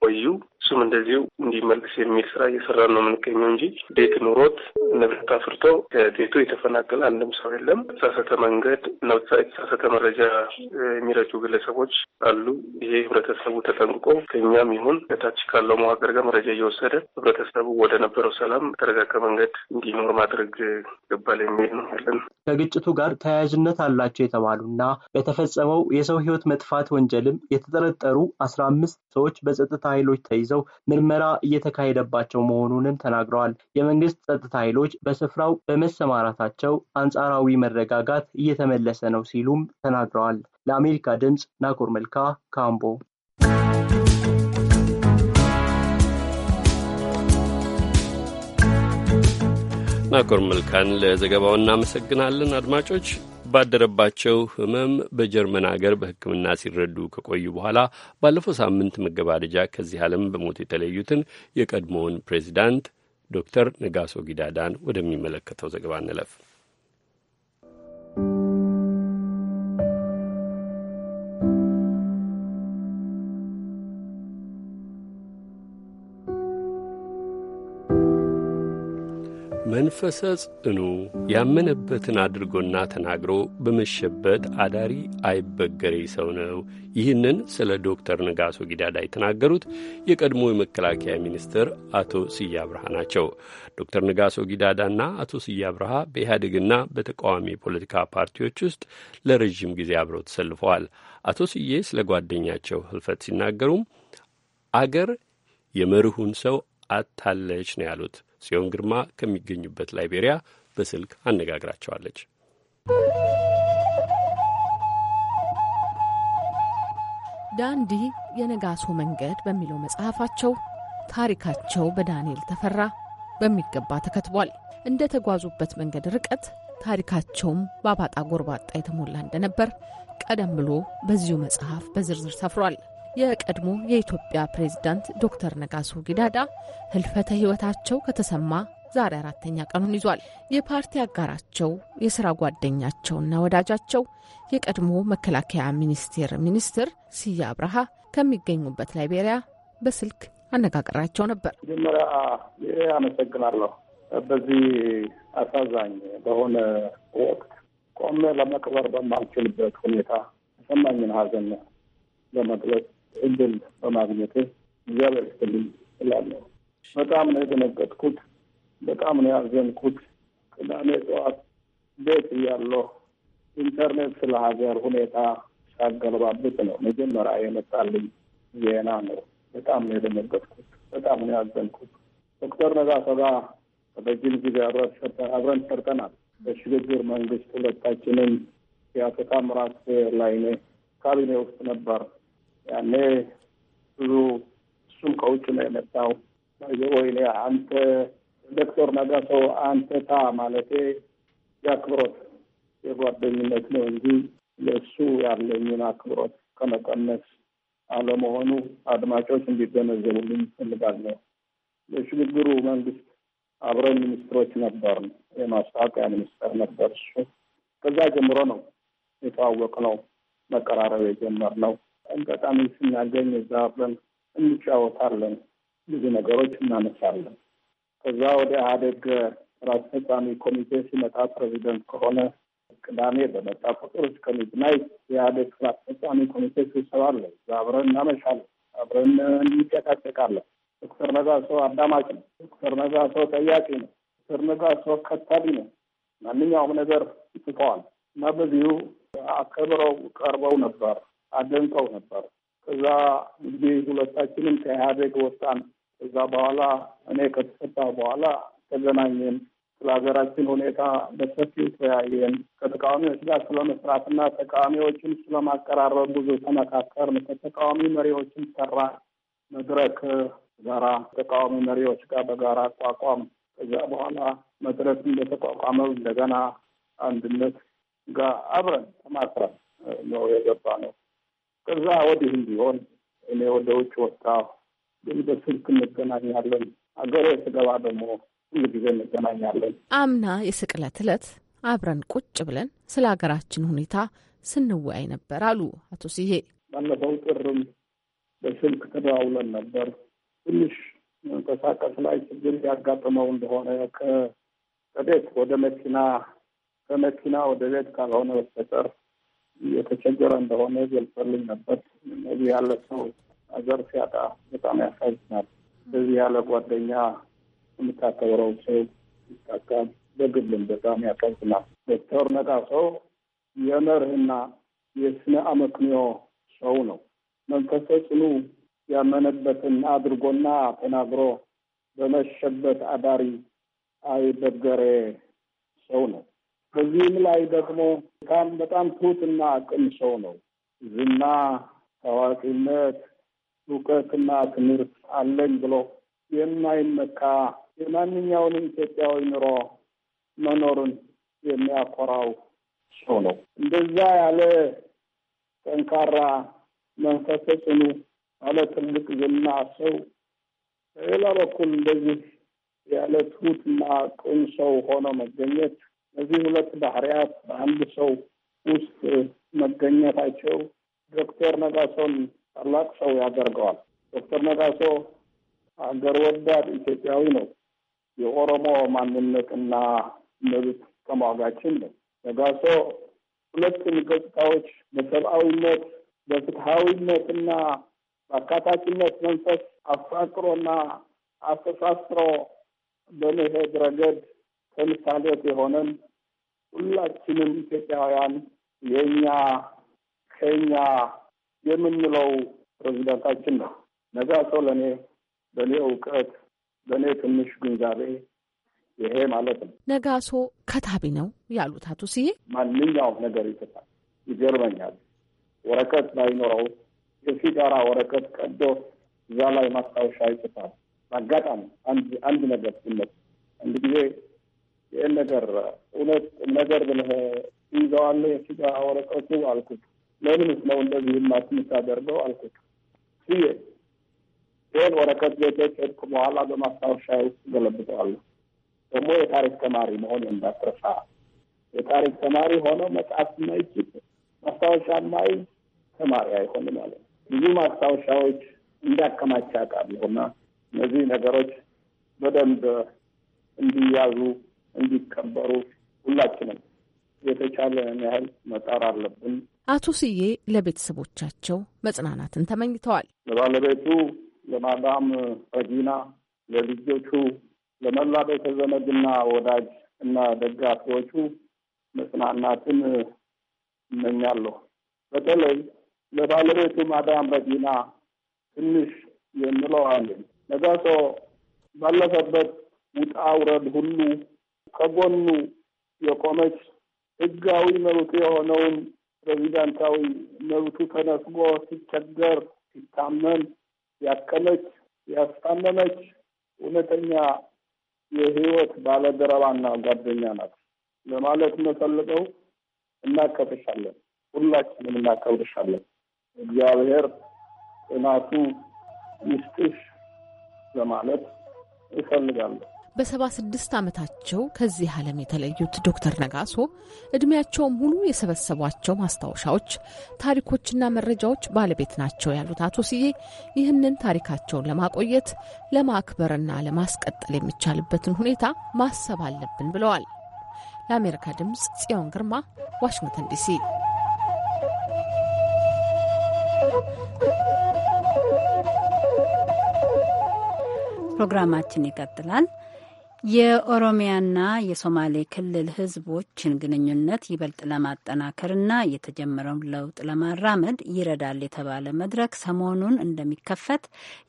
ቆዩ። እሱም እንደዚሁ እንዲመለስ የሚል ስራ እየሰራ ነው የምንገኘው እንጂ ቤት ኑሮት ንብረት አፍርቶ ከቤቱ የተፈናቀለ አንድም ሰው የለም። የተሳሳተ መንገድ እና የተሳሳተ መረጃ የሚረጩ ግለሰቦች አሉ። ይሄ ህብረተሰቡ ተጠንቅቆ ከኛም ይሁን ከታች ካለው መዋቅር ጋር መረጃ እየወሰደ ህብረተሰቡ ወደ ነበረው ሰላም ተረጋጋ መንገድ እንዲኖር ማድረግ ይገባል የሚል ነው ያለን። ከግጭቱ ጋር ተያያዥነት አላቸው የተባሉና በተፈጸመው የሰው ህይወት መጥፋት ወንጀልም የተጠረጠሩ አስራ አምስት ሰዎች በጸጥታ ኃይሎች ተይዘ ይዘው ምርመራ እየተካሄደባቸው መሆኑንም ተናግረዋል። የመንግስት ጸጥታ ኃይሎች በስፍራው በመሰማራታቸው አንጻራዊ መረጋጋት እየተመለሰ ነው ሲሉም ተናግረዋል። ለአሜሪካ ድምፅ ናኮር መልካ ካምቦ ናኮር መልካን ለዘገባው እናመሰግናለን። አድማጮች ባደረባቸው ህመም በጀርመን አገር በሕክምና ሲረዱ ከቆዩ በኋላ ባለፈው ሳምንት መገባደጃ ከዚህ ዓለም በሞት የተለዩትን የቀድሞውን ፕሬዚዳንት ዶክተር ነጋሶ ጊዳዳን ወደሚመለከተው ዘገባ እንለፍ። መንፈሰ ጽኑ ያመነበትን አድርጎና ተናግሮ በመሸበት አዳሪ አይበገሬ ሰው ነው። ይህንን ስለ ዶክተር ነጋሶ ጊዳዳ የተናገሩት የቀድሞ የመከላከያ ሚኒስትር አቶ ስዬ አብርሃ ናቸው። ዶክተር ነጋሶ ጊዳዳና አቶ ስዬ አብርሃ በኢህአዴግና በተቃዋሚ የፖለቲካ ፓርቲዎች ውስጥ ለረዥም ጊዜ አብረው ተሰልፈዋል። አቶ ስዬ ስለ ጓደኛቸው ህልፈት ሲናገሩም አገር የመርሁን ሰው አታለች ነው ያሉት። ጽዮን ግርማ ከሚገኙበት ላይቤሪያ በስልክ አነጋግራቸዋለች። ዳንዲ የነጋሶ መንገድ በሚለው መጽሐፋቸው ታሪካቸው በዳንኤል ተፈራ በሚገባ ተከትቧል። እንደ ተጓዙበት መንገድ ርቀት ታሪካቸውም በአባጣ ጎርባጣ የተሞላ እንደነበር ቀደም ብሎ በዚሁ መጽሐፍ በዝርዝር ሰፍሯል። የቀድሞ የኢትዮጵያ ፕሬዝዳንት ዶክተር ነጋሶ ጊዳዳ ህልፈተ ህይወታቸው ከተሰማ ዛሬ አራተኛ ቀኑን ይዟል። የፓርቲ አጋራቸው የስራ ጓደኛቸውና ወዳጃቸው የቀድሞ መከላከያ ሚኒስቴር ሚኒስትር ስዬ አብርሃ ከሚገኙበት ላይቤሪያ በስልክ አነጋገራቸው ነበር። መጀመሪያ አመሰግናለሁ። በዚህ አሳዛኝ በሆነ ወቅት ቆሜ ለመቅበር በማልችልበት ሁኔታ ተሰማኝን ሀዘን ለመግለጽ እድል በማግኘት እግዚአብሔር ይስጥልኝ እላለሁ። በጣም ነው የደነገጥኩት። በጣም ነው ያዘንኩት። ቅዳሜ ጠዋት ቤት እያለሁ ኢንተርኔት ስለ ሀገር ሁኔታ ሳገለባብጥ ነው መጀመሪያ የመጣልኝ ዜና ነው። በጣም ነው የደነገጥኩት። በጣም ነው ያዘንኩት። ዶክተር ነጋሶ ጋር ጊዜ አብረን ሰርተናል። በሽግግር መንግስት ሁለታችንም የአቶ ታምራት ላይኔ ካቢኔ ውስጥ ነበር ያኔ ብዙ እሱም ከውጭ ነው የመጣው ወይኔ አንተ ዶክተር ነጋሶ አንተ ታ ማለቴ የአክብሮት የጓደኝነት ነው እንጂ ለእሱ ያለኝን አክብሮት ከመቀነስ አለመሆኑ አድማጮች እንዲገነዘቡልኝ ነው የሽግግሩ መንግስት አብረን ሚኒስትሮች ነበር። የማስታወቂያ ሚኒስትር ነበር እሱ። ከዛ ጀምሮ ነው የተዋወቅ ነው መቀራረብ የጀመር ነው። አጋጣሚ ስናገኝ እዛ አብረን እንጫወታለን። ብዙ ነገሮች እናነሳለን። ከዛ ወደ ኢህአዴግ ስራ አስፈጻሚ ኮሚቴ ሲመጣ ፕሬዚደንት ከሆነ ቅዳሜ በመጣ ቁጥር እስከ ሚድናይት የኢህአዴግ ስራ አስፈጻሚ ኮሚቴ ስብሰባ አለ። እዛ አብረን እናመሻለን፣ አብረን እንጨቃጨቃለን። ዶክተር ነጋሶ አዳማጭ ነው። ዶክተር ነጋሶ ጠያቂ ነው። ዶክተር ነጋሶ ከታቢ ነው። ማንኛውም ነገር ይጽፈዋል እና በዚሁ አከብረው ቀርበው ነበር። አደንቀው ነበር። ከዛ እንግዲህ ሁለታችንም ከኢህአዴግ ወጣን። ከዛ በኋላ እኔ ከተሰጣ በኋላ ተገናኘን። ስለ ሀገራችን ሁኔታ በሰፊው ተያየን። ከተቃዋሚዎች ጋር ስለመስራትና ተቃዋሚዎችን ስለማቀራረብ ብዙ ተመካከርን። ከተቃዋሚ መሪዎችን ሰራ መድረክ ጋራ ተቃዋሚ መሪዎች ጋር በጋራ አቋቋም። ከዛ በኋላ መድረክ እንደተቋቋመ እንደገና አንድነት ጋር አብረን ተማክረን ነው የገባ ነው። ከዛ ወዲህም ቢሆን እኔ ወደ ውጭ ወጣሁ፣ ግን በስልክ እንገናኛለን። አገሬ ስገባ ደግሞ ሁሉ ጊዜ እንገናኛለን። አምና የስቅለት ዕለት አብረን ቁጭ ብለን ስለ ሀገራችን ሁኔታ ስንወያይ ነበር አሉ አቶ ስዬ። ባለፈው ጥርም በስልክ ተደዋውለን ነበር። ትንሽ መንቀሳቀስ ላይ ችግር ያጋጥመው እንደሆነ ከቤት ወደ መኪና ከመኪና ወደ ቤት ካልሆነ በስተቀር የተቸገረ እንደሆነ ገልጸልኝ ነበር። እዚህ ያለ ሰው አገር ሲያጣ በጣም ያሳዝናል። እዚህ ያለ ጓደኛ የምታከብረው ሰው ይታቃል። በግልም በጣም ያሳዝናል። ዶክተር ነቃሶ የመርህና የስነ አመክንዮ ሰው ነው። መንፈሰ ጽኑ ያመነበትን አድርጎና ተናግሮ በመሸበት አዳሪ አይበገሬ ሰው ነው። በዚህም ላይ ደግሞ በጣም በጣም ትሁትና ቅን ሰው ነው። ዝና፣ ታዋቂነት፣ እውቀትና ትምህርት አለኝ ብሎ የማይመካ የማንኛውንም ኢትዮጵያዊ ኑሮ መኖርን የሚያኮራው ሰው ነው። እንደዛ ያለ ጠንካራ መንፈሰ ጽኑ ባለ ትልቅ ዝና ሰው በሌላ በኩል እንደዚህ ያለ ትሁትና ቅን ሰው ሆኖ መገኘት እነዚህ ሁለት ባህሪያት በአንድ ሰው ውስጥ መገኘታቸው ዶክተር ነጋሶን ታላቅ ሰው ያደርገዋል። ዶክተር ነጋሶ ሀገር ወዳድ ኢትዮጵያዊ ነው። የኦሮሞ ማንነትና መብት ተሟጋችን ነው። ነጋሶ ሁለቱም ገጽታዎች በሰብአዊነት በፍትሐዊነትና በአካታችነት መንፈስ አፋቅሮና አስተሳስሮ በመሄድ ረገድ ተምሳሌት የሆነን ሁላችንም ኢትዮጵያውያን የእኛ ከኛ የምንለው ፕሬዚዳንታችን ነው። ነጋሶ ለእኔ በእኔ እውቀት በእኔ ትንሽ ግንዛቤ ይሄ ማለት ነው። ነጋሶ ከታቢ ነው ያሉት አቶ ስዬ ማንኛውም ነገር ይጥታል። ይገርመኛል። ወረቀት ባይኖረው የሲጋራ ወረቀት ቀዶ እዛ ላይ ማስታወሻ ይጥታል። በአጋጣሚ አንድ ነገር ሲመጣ አንድ ጊዜ ይህን ነገር እውነት ነገር ብለህ ይዘዋለህ የስጋ ወረቀቱ አልኩት። ለምንስ ነው እንደዚህ ማት የምታደርገው አልኩት። ስዬ ይህን ወረቀት ቤት ሄድኩ በኋላ በማስታወሻ ውስጥ ገለብጠዋለሁ። ደግሞ የታሪክ ተማሪ መሆን እንዳትረሳ። የታሪክ ተማሪ ሆነው መጽሐፍ ማይችል ማስታወሻ ማይ ተማሪ አይሆን ማለት ብዙ ማስታወሻዎች እንዳከማቻ ቃለሁና እነዚህ ነገሮች በደንብ እንዲያዙ እንዲቀበሩ ሁላችንም የተቻለን ያህል መጣር አለብን። አቶ ስዬ ለቤተሰቦቻቸው መጽናናትን ተመኝተዋል። ለባለቤቱ፣ ለማዳም ረጊና፣ ለልጆቹ፣ ለመላ ቤተ ዘመድና ወዳጅ እና ደጋፊዎቹ መጽናናትን እመኛለሁ። በተለይ ለባለቤቱ ማዳም ረጊና ትንሽ የምለው አለኝ ነጋሶ ባለፈበት ውጣ ውረድ ሁሉ ከጎኑ የቆመች ህጋዊ መብቱ የሆነውን ፕሬዚዳንታዊ መብቱ ተነስጎ ሲቸገር፣ ሲታመም ያከመች፣ ያስታመመች እውነተኛ የህይወት ባለደረባና ጓደኛ ናት ለማለት መፈልገው እናከብርሻለን። ሁላችንም እናከብርሻለን። እግዚአብሔር ጥናቱ ይስጥሽ ለማለት እፈልጋለሁ። በ76 ዓመታቸው ከዚህ ዓለም የተለዩት ዶክተር ነጋሶ ዕድሜያቸውም ሙሉ የሰበሰቧቸው ማስታወሻዎች፣ ታሪኮችና መረጃዎች ባለቤት ናቸው ያሉት አቶ ስዬ ይህንን ታሪካቸውን ለማቆየት ለማክበርና ለማስቀጠል የሚቻልበትን ሁኔታ ማሰብ አለብን ብለዋል። ለአሜሪካ ድምፅ ጽዮን ግርማ ዋሽንግተን ዲሲ። ፕሮግራማችን ይቀጥላል። የኦሮሚያና የሶማሌ ክልል ህዝቦችን ግንኙነት ይበልጥ ለማጠናከርና የተጀመረውን ለውጥ ለማራመድ ይረዳል የተባለ መድረክ ሰሞኑን እንደሚከፈት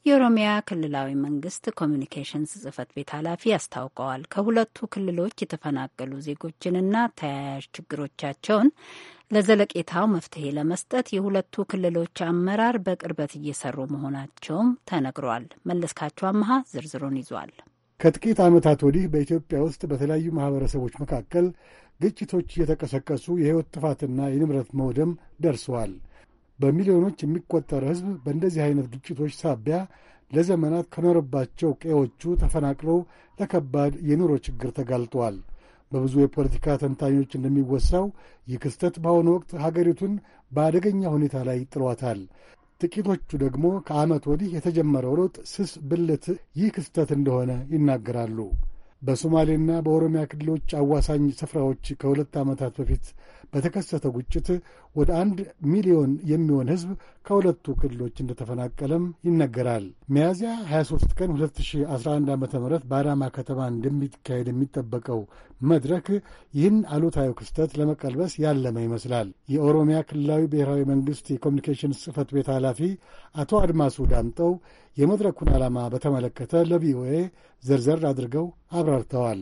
የኦሮሚያ ክልላዊ መንግስት ኮሚኒኬሽንስ ጽህፈት ቤት ኃላፊ አስታውቀዋል። ከሁለቱ ክልሎች የተፈናቀሉ ዜጎችንና ተያያዥ ችግሮቻቸውን ለዘለቄታው መፍትሄ ለመስጠት የሁለቱ ክልሎች አመራር በቅርበት እየሰሩ መሆናቸውም ተነግሯል። መለስካቸው አመሃ ዝርዝሩን ይዟል። ከጥቂት ዓመታት ወዲህ በኢትዮጵያ ውስጥ በተለያዩ ማኅበረሰቦች መካከል ግጭቶች እየተቀሰቀሱ የሕይወት ጥፋትና የንብረት መውደም ደርሰዋል። በሚሊዮኖች የሚቆጠር ሕዝብ በእንደዚህ አይነት ግጭቶች ሳቢያ ለዘመናት ከኖረባቸው ቀዬዎቹ ተፈናቅሎ ለከባድ የኑሮ ችግር ተጋልጧል። በብዙ የፖለቲካ ተንታኞች እንደሚወሳው ይህ ክስተት በአሁኑ ወቅት ሀገሪቱን በአደገኛ ሁኔታ ላይ ጥሏታል። ጥቂቶቹ ደግሞ ከዓመት ወዲህ የተጀመረው ለውጥ ስስ ብልት ይህ ክስተት እንደሆነ ይናገራሉ። በሶማሌና በኦሮሚያ ክልሎች አዋሳኝ ስፍራዎች ከሁለት ዓመታት በፊት በተከሰተው ግጭት ወደ አንድ ሚሊዮን የሚሆን ሕዝብ ከሁለቱ ክልሎች እንደተፈናቀለም ይነገራል። ሚያዝያ 23 ቀን 2011 ዓ ም በአዳማ ከተማ እንደሚካሄድ የሚጠበቀው መድረክ ይህን አሉታዊ ክስተት ለመቀልበስ ያለመ ይመስላል። የኦሮሚያ ክልላዊ ብሔራዊ መንግሥት የኮሚኒኬሽን ጽፈት ቤት ኃላፊ አቶ አድማሱ ዳምጠው የመድረኩን ዓላማ በተመለከተ ለቪኦኤ ዘርዘር አድርገው አብራርተዋል።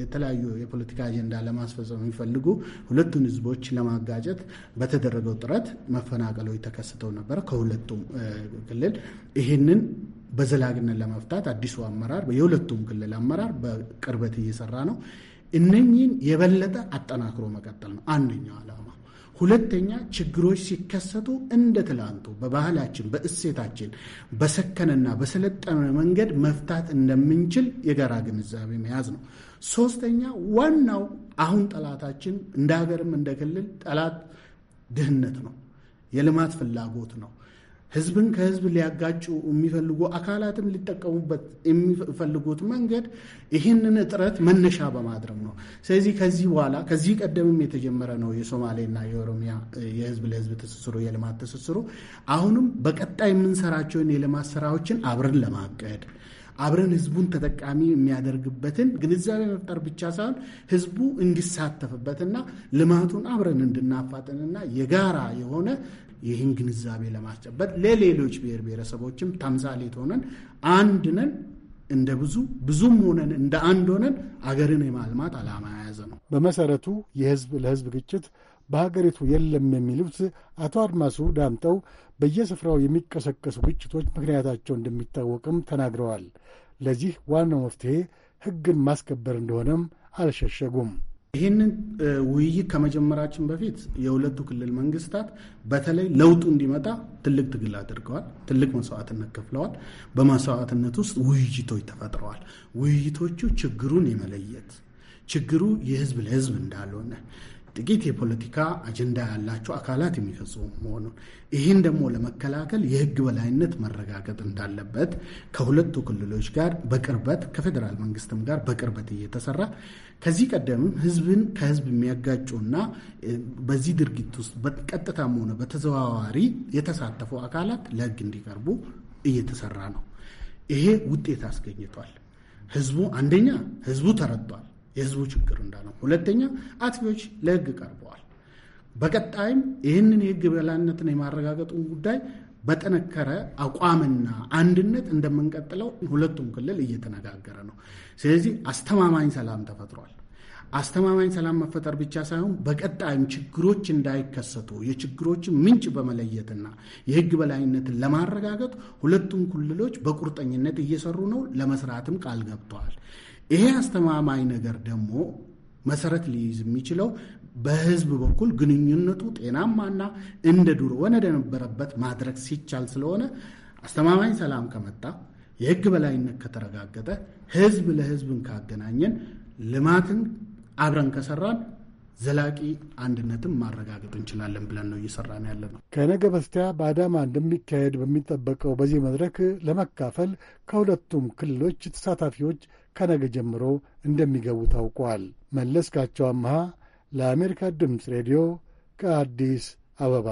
የተለያዩ የፖለቲካ አጀንዳ ለማስፈጸም የሚፈልጉ ሁለቱን ህዝቦች ለማጋጨት በተደረገው ጥረት መፈናቀሎች ተከስተው ነበር ከሁለቱም ክልል ይህንን በዘላቂነት ለመፍታት አዲሱ አመራር የሁለቱም ክልል አመራር በቅርበት እየሰራ ነው። እነኚህን የበለጠ አጠናክሮ መቀጠል ነው አንደኛው ዓላማ። ሁለተኛ ችግሮች ሲከሰቱ እንደ ትላንቱ በባህላችን፣ በእሴታችን በሰከነና በሰለጠነ መንገድ መፍታት እንደምንችል የጋራ ግንዛቤ መያዝ ነው። ሶስተኛ ዋናው አሁን ጠላታችን እንደ ሀገርም እንደ ክልል ጠላት ድህነት ነው፣ የልማት ፍላጎት ነው፣ ህዝብን ከህዝብ ሊያጋጩ የሚፈልጉ አካላትም ሊጠቀሙበት የሚፈልጉት መንገድ ይህንን እጥረት መነሻ በማድረግ ነው። ስለዚህ ከዚህ በኋላ ከዚህ ቀደምም የተጀመረ ነው የሶማሌና የኦሮሚያ የህዝብ ለህዝብ ትስስሩ የልማት ትስስሩ አሁንም በቀጣይ የምንሰራቸውን የልማት ስራዎችን አብረን ለማቀድ አብረን ህዝቡን ተጠቃሚ የሚያደርግበትን ግንዛቤ መፍጠር ብቻ ሳይሆን ህዝቡ እንዲሳተፍበትና ልማቱን አብረን እንድናፋጥንና የጋራ የሆነ ይህን ግንዛቤ ለማስጨበጥ ለሌሎች ብሔር ብሔረሰቦችም ተምሳሌት ሆነን አንድ ነን እንደ ብዙ ብዙም ሆነን እንደ አንድ ሆነን አገርን የማልማት ዓላማ የያዘ ነው። በመሰረቱ የህዝብ ለህዝብ ግጭት በሀገሪቱ የለም የሚሉት አቶ አድማሱ ዳምጠው በየስፍራው የሚቀሰቀሱ ግጭቶች ምክንያታቸው እንደሚታወቅም ተናግረዋል። ለዚህ ዋናው መፍትሄ ሕግን ማስከበር እንደሆነም አልሸሸጉም። ይህንን ውይይት ከመጀመራችን በፊት የሁለቱ ክልል መንግስታት በተለይ ለውጡ እንዲመጣ ትልቅ ትግል አድርገዋል። ትልቅ መስዋዕትነት ከፍለዋል። በመስዋዕትነት ውስጥ ውይይቶች ተፈጥረዋል። ውይይቶቹ ችግሩን የመለየት ችግሩ የህዝብ ለህዝብ እንዳልሆነ ጥቂት የፖለቲካ አጀንዳ ያላቸው አካላት የሚፈጽሙ መሆኑን ይህን ደግሞ ለመከላከል የሕግ በላይነት መረጋገጥ እንዳለበት ከሁለቱ ክልሎች ጋር በቅርበት ከፌዴራል መንግስትም ጋር በቅርበት እየተሰራ ከዚህ ቀደምም ሕዝብን ከሕዝብ የሚያጋጩና በዚህ ድርጊት ውስጥ በቀጥታም ሆነ በተዘዋዋሪ የተሳተፉ አካላት ለሕግ እንዲቀርቡ እየተሰራ ነው። ይሄ ውጤት አስገኝቷል። ሕዝቡ አንደኛ ሕዝቡ ተረድቷል። የህዝቡ ችግር እንዳለው፣ ሁለተኛ አጥፊዎች ለህግ ቀርበዋል። በቀጣይም ይህንን የህግ በላይነትን የማረጋገጡን ጉዳይ በጠነከረ አቋምና አንድነት እንደምንቀጥለው ሁለቱም ክልል እየተነጋገረ ነው። ስለዚህ አስተማማኝ ሰላም ተፈጥሯል። አስተማማኝ ሰላም መፈጠር ብቻ ሳይሆን በቀጣይም ችግሮች እንዳይከሰቱ የችግሮችን ምንጭ በመለየትና የህግ በላይነትን ለማረጋገጥ ሁለቱም ክልሎች በቁርጠኝነት እየሰሩ ነው። ለመስራትም ቃል ገብተዋል። ይሄ አስተማማኝ ነገር ደግሞ መሰረት ሊይዝ የሚችለው በህዝብ በኩል ግንኙነቱ ጤናማና እንደ ድሮ ወደነበረበት ማድረግ ሲቻል ስለሆነ አስተማማኝ ሰላም ከመጣ የህግ በላይነት ከተረጋገጠ፣ ህዝብ ለህዝብን ካገናኘን፣ ልማትን አብረን ከሰራን ዘላቂ አንድነትን ማረጋገጥ እንችላለን ብለን ነው እየሰራን ያለ ነው። ከነገ በስቲያ በአዳማ እንደሚካሄድ በሚጠበቀው በዚህ መድረክ ለመካፈል ከሁለቱም ክልሎች ተሳታፊዎች ከነገ ጀምሮ እንደሚገቡ ታውቋል። መለስካቸው አመሃ ለአሜሪካ ድምፅ ሬዲዮ ከአዲስ አበባ።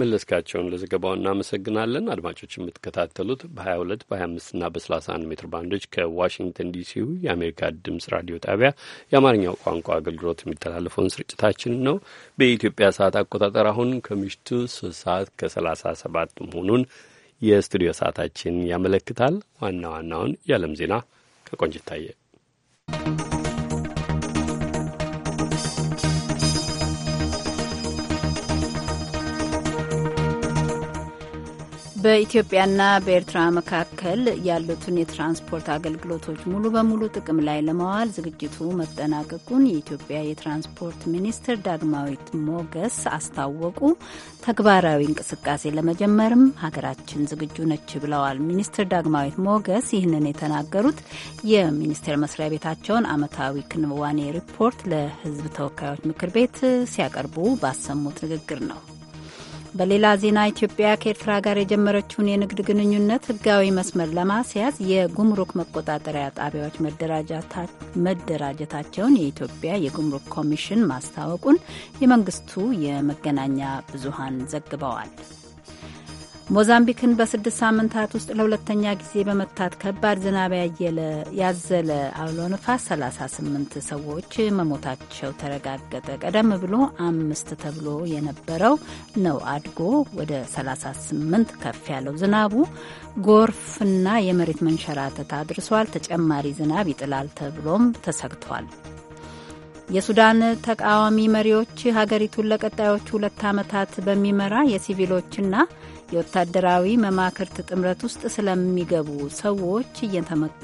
መለስካቸውን ለዘገባው እናመሰግናለን። አድማጮች የምትከታተሉት በ22 በ25ና በ31 ሜትር ባንዶች ከዋሽንግተን ዲሲው የአሜሪካ ድምፅ ራዲዮ ጣቢያ የአማርኛው ቋንቋ አገልግሎት የሚተላለፈውን ስርጭታችን ነው። በኢትዮጵያ ሰዓት አቆጣጠር አሁን ከምሽቱ 3 ሰዓት ከ37 መሆኑን የስቱዲዮ ሰዓታችን ያመለክታል። ዋና ዋናውን የዓለም ዜና ከቆንጅት ታየ በኢትዮጵያና በኤርትራ መካከል ያሉትን የትራንስፖርት አገልግሎቶች ሙሉ በሙሉ ጥቅም ላይ ለመዋል ዝግጅቱ መጠናቀቁን የኢትዮጵያ የትራንስፖርት ሚኒስትር ዳግማዊት ሞገስ አስታወቁ። ተግባራዊ እንቅስቃሴ ለመጀመርም ሀገራችን ዝግጁ ነች ብለዋል። ሚኒስትር ዳግማዊት ሞገስ ይህንን የተናገሩት የሚኒስቴር መስሪያ ቤታቸውን ዓመታዊ ክንዋኔ ሪፖርት ለሕዝብ ተወካዮች ምክር ቤት ሲያቀርቡ ባሰሙት ንግግር ነው። በሌላ ዜና ኢትዮጵያ ከኤርትራ ጋር የጀመረችውን የንግድ ግንኙነት ሕጋዊ መስመር ለማስያዝ የጉምሩክ መቆጣጠሪያ ጣቢያዎች መደራጀታቸውን የኢትዮጵያ የጉምሩክ ኮሚሽን ማስታወቁን የመንግስቱ የመገናኛ ብዙሃን ዘግበዋል። ሞዛምቢክን በስድስት ሳምንታት ውስጥ ለሁለተኛ ጊዜ በመታት ከባድ ዝናብ ያየለ ያዘለ አውሎ ንፋስ 38 ሰዎች መሞታቸው ተረጋገጠ። ቀደም ብሎ አምስት ተብሎ የነበረው ነው አድጎ ወደ 38 ከፍ ያለው። ዝናቡ ጎርፍና የመሬት መንሸራተት አድርሷል። ተጨማሪ ዝናብ ይጥላል ተብሎም ተሰግቷል። የሱዳን ተቃዋሚ መሪዎች ሀገሪቱን ለቀጣዮቹ ሁለት ዓመታት በሚመራ የሲቪሎችና የወታደራዊ መማክርት ጥምረት ውስጥ ስለሚገቡ ሰዎች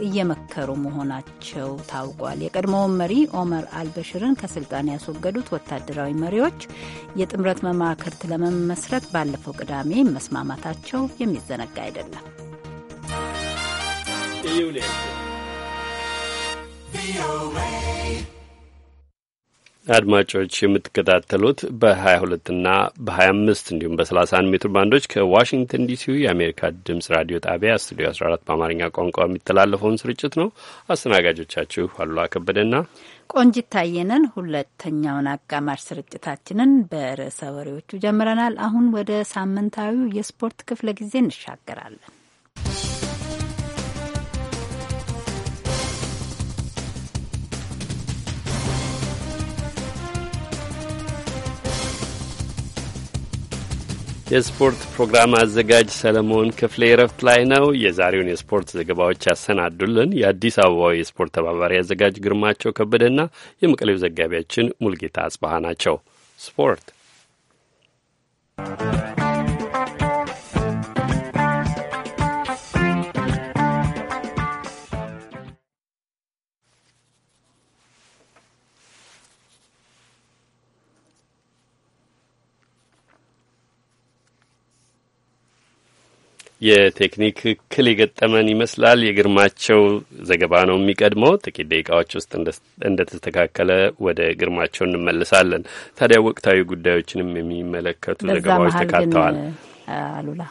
እየመከሩ መሆናቸው ታውቋል። የቀድሞውን መሪ ኦመር አልበሽርን ከስልጣን ያስወገዱት ወታደራዊ መሪዎች የጥምረት መማክርት ለመመስረት ባለፈው ቅዳሜ መስማማታቸው የሚዘነጋ አይደለም። you አድማጮች የምትከታተሉት በ22 እና በ25 እንዲሁም በ31 ሜትር ባንዶች ከዋሽንግተን ዲሲ የአሜሪካ ድምጽ ራዲዮ ጣቢያ ስቱዲዮ 14 በአማርኛ ቋንቋ የሚተላለፈውን ስርጭት ነው። አስተናጋጆቻችሁ አሉላ ከበደና ቆንጂት ታየነን። ሁለተኛውን አጋማሽ ስርጭታችንን በርዕሰ ወሬዎቹ ጀምረናል። አሁን ወደ ሳምንታዊው የስፖርት ክፍለ ጊዜ እንሻገራለን። የስፖርት ፕሮግራም አዘጋጅ ሰለሞን ክፍሌ እረፍት ላይ ነው። የዛሬውን የስፖርት ዘገባዎች ያሰናዱልን የአዲስ አበባው የስፖርት ተባባሪ አዘጋጅ ግርማቸው ከበደና የመቀሌው ዘጋቢያችን ሙልጌታ አጽባሃ ናቸው። ስፖርት የቴክኒክ እክል የገጠመን ይመስላል። የግርማቸው ዘገባ ነው የሚቀድመው። ጥቂት ደቂቃዎች ውስጥ እንደተስተካከለ ወደ ግርማቸው እንመልሳለን። ታዲያ ወቅታዊ ጉዳዮችንም የሚመለከቱ ዘገባዎች ተካተዋል። አሉላ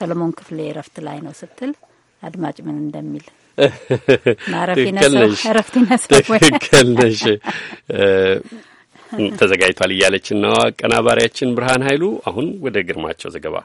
ሰለሞን ክፍሌ እረፍት ላይ ነው ስትል አድማጭ ምን እንደሚል <laughs> ትክክል <laughs> <laughs> ተዘጋጅቷል እያለችን ነው አቀናባሪያችን ብርሃን ኃይሉ። አሁን ወደ ግርማቸው ዘገባ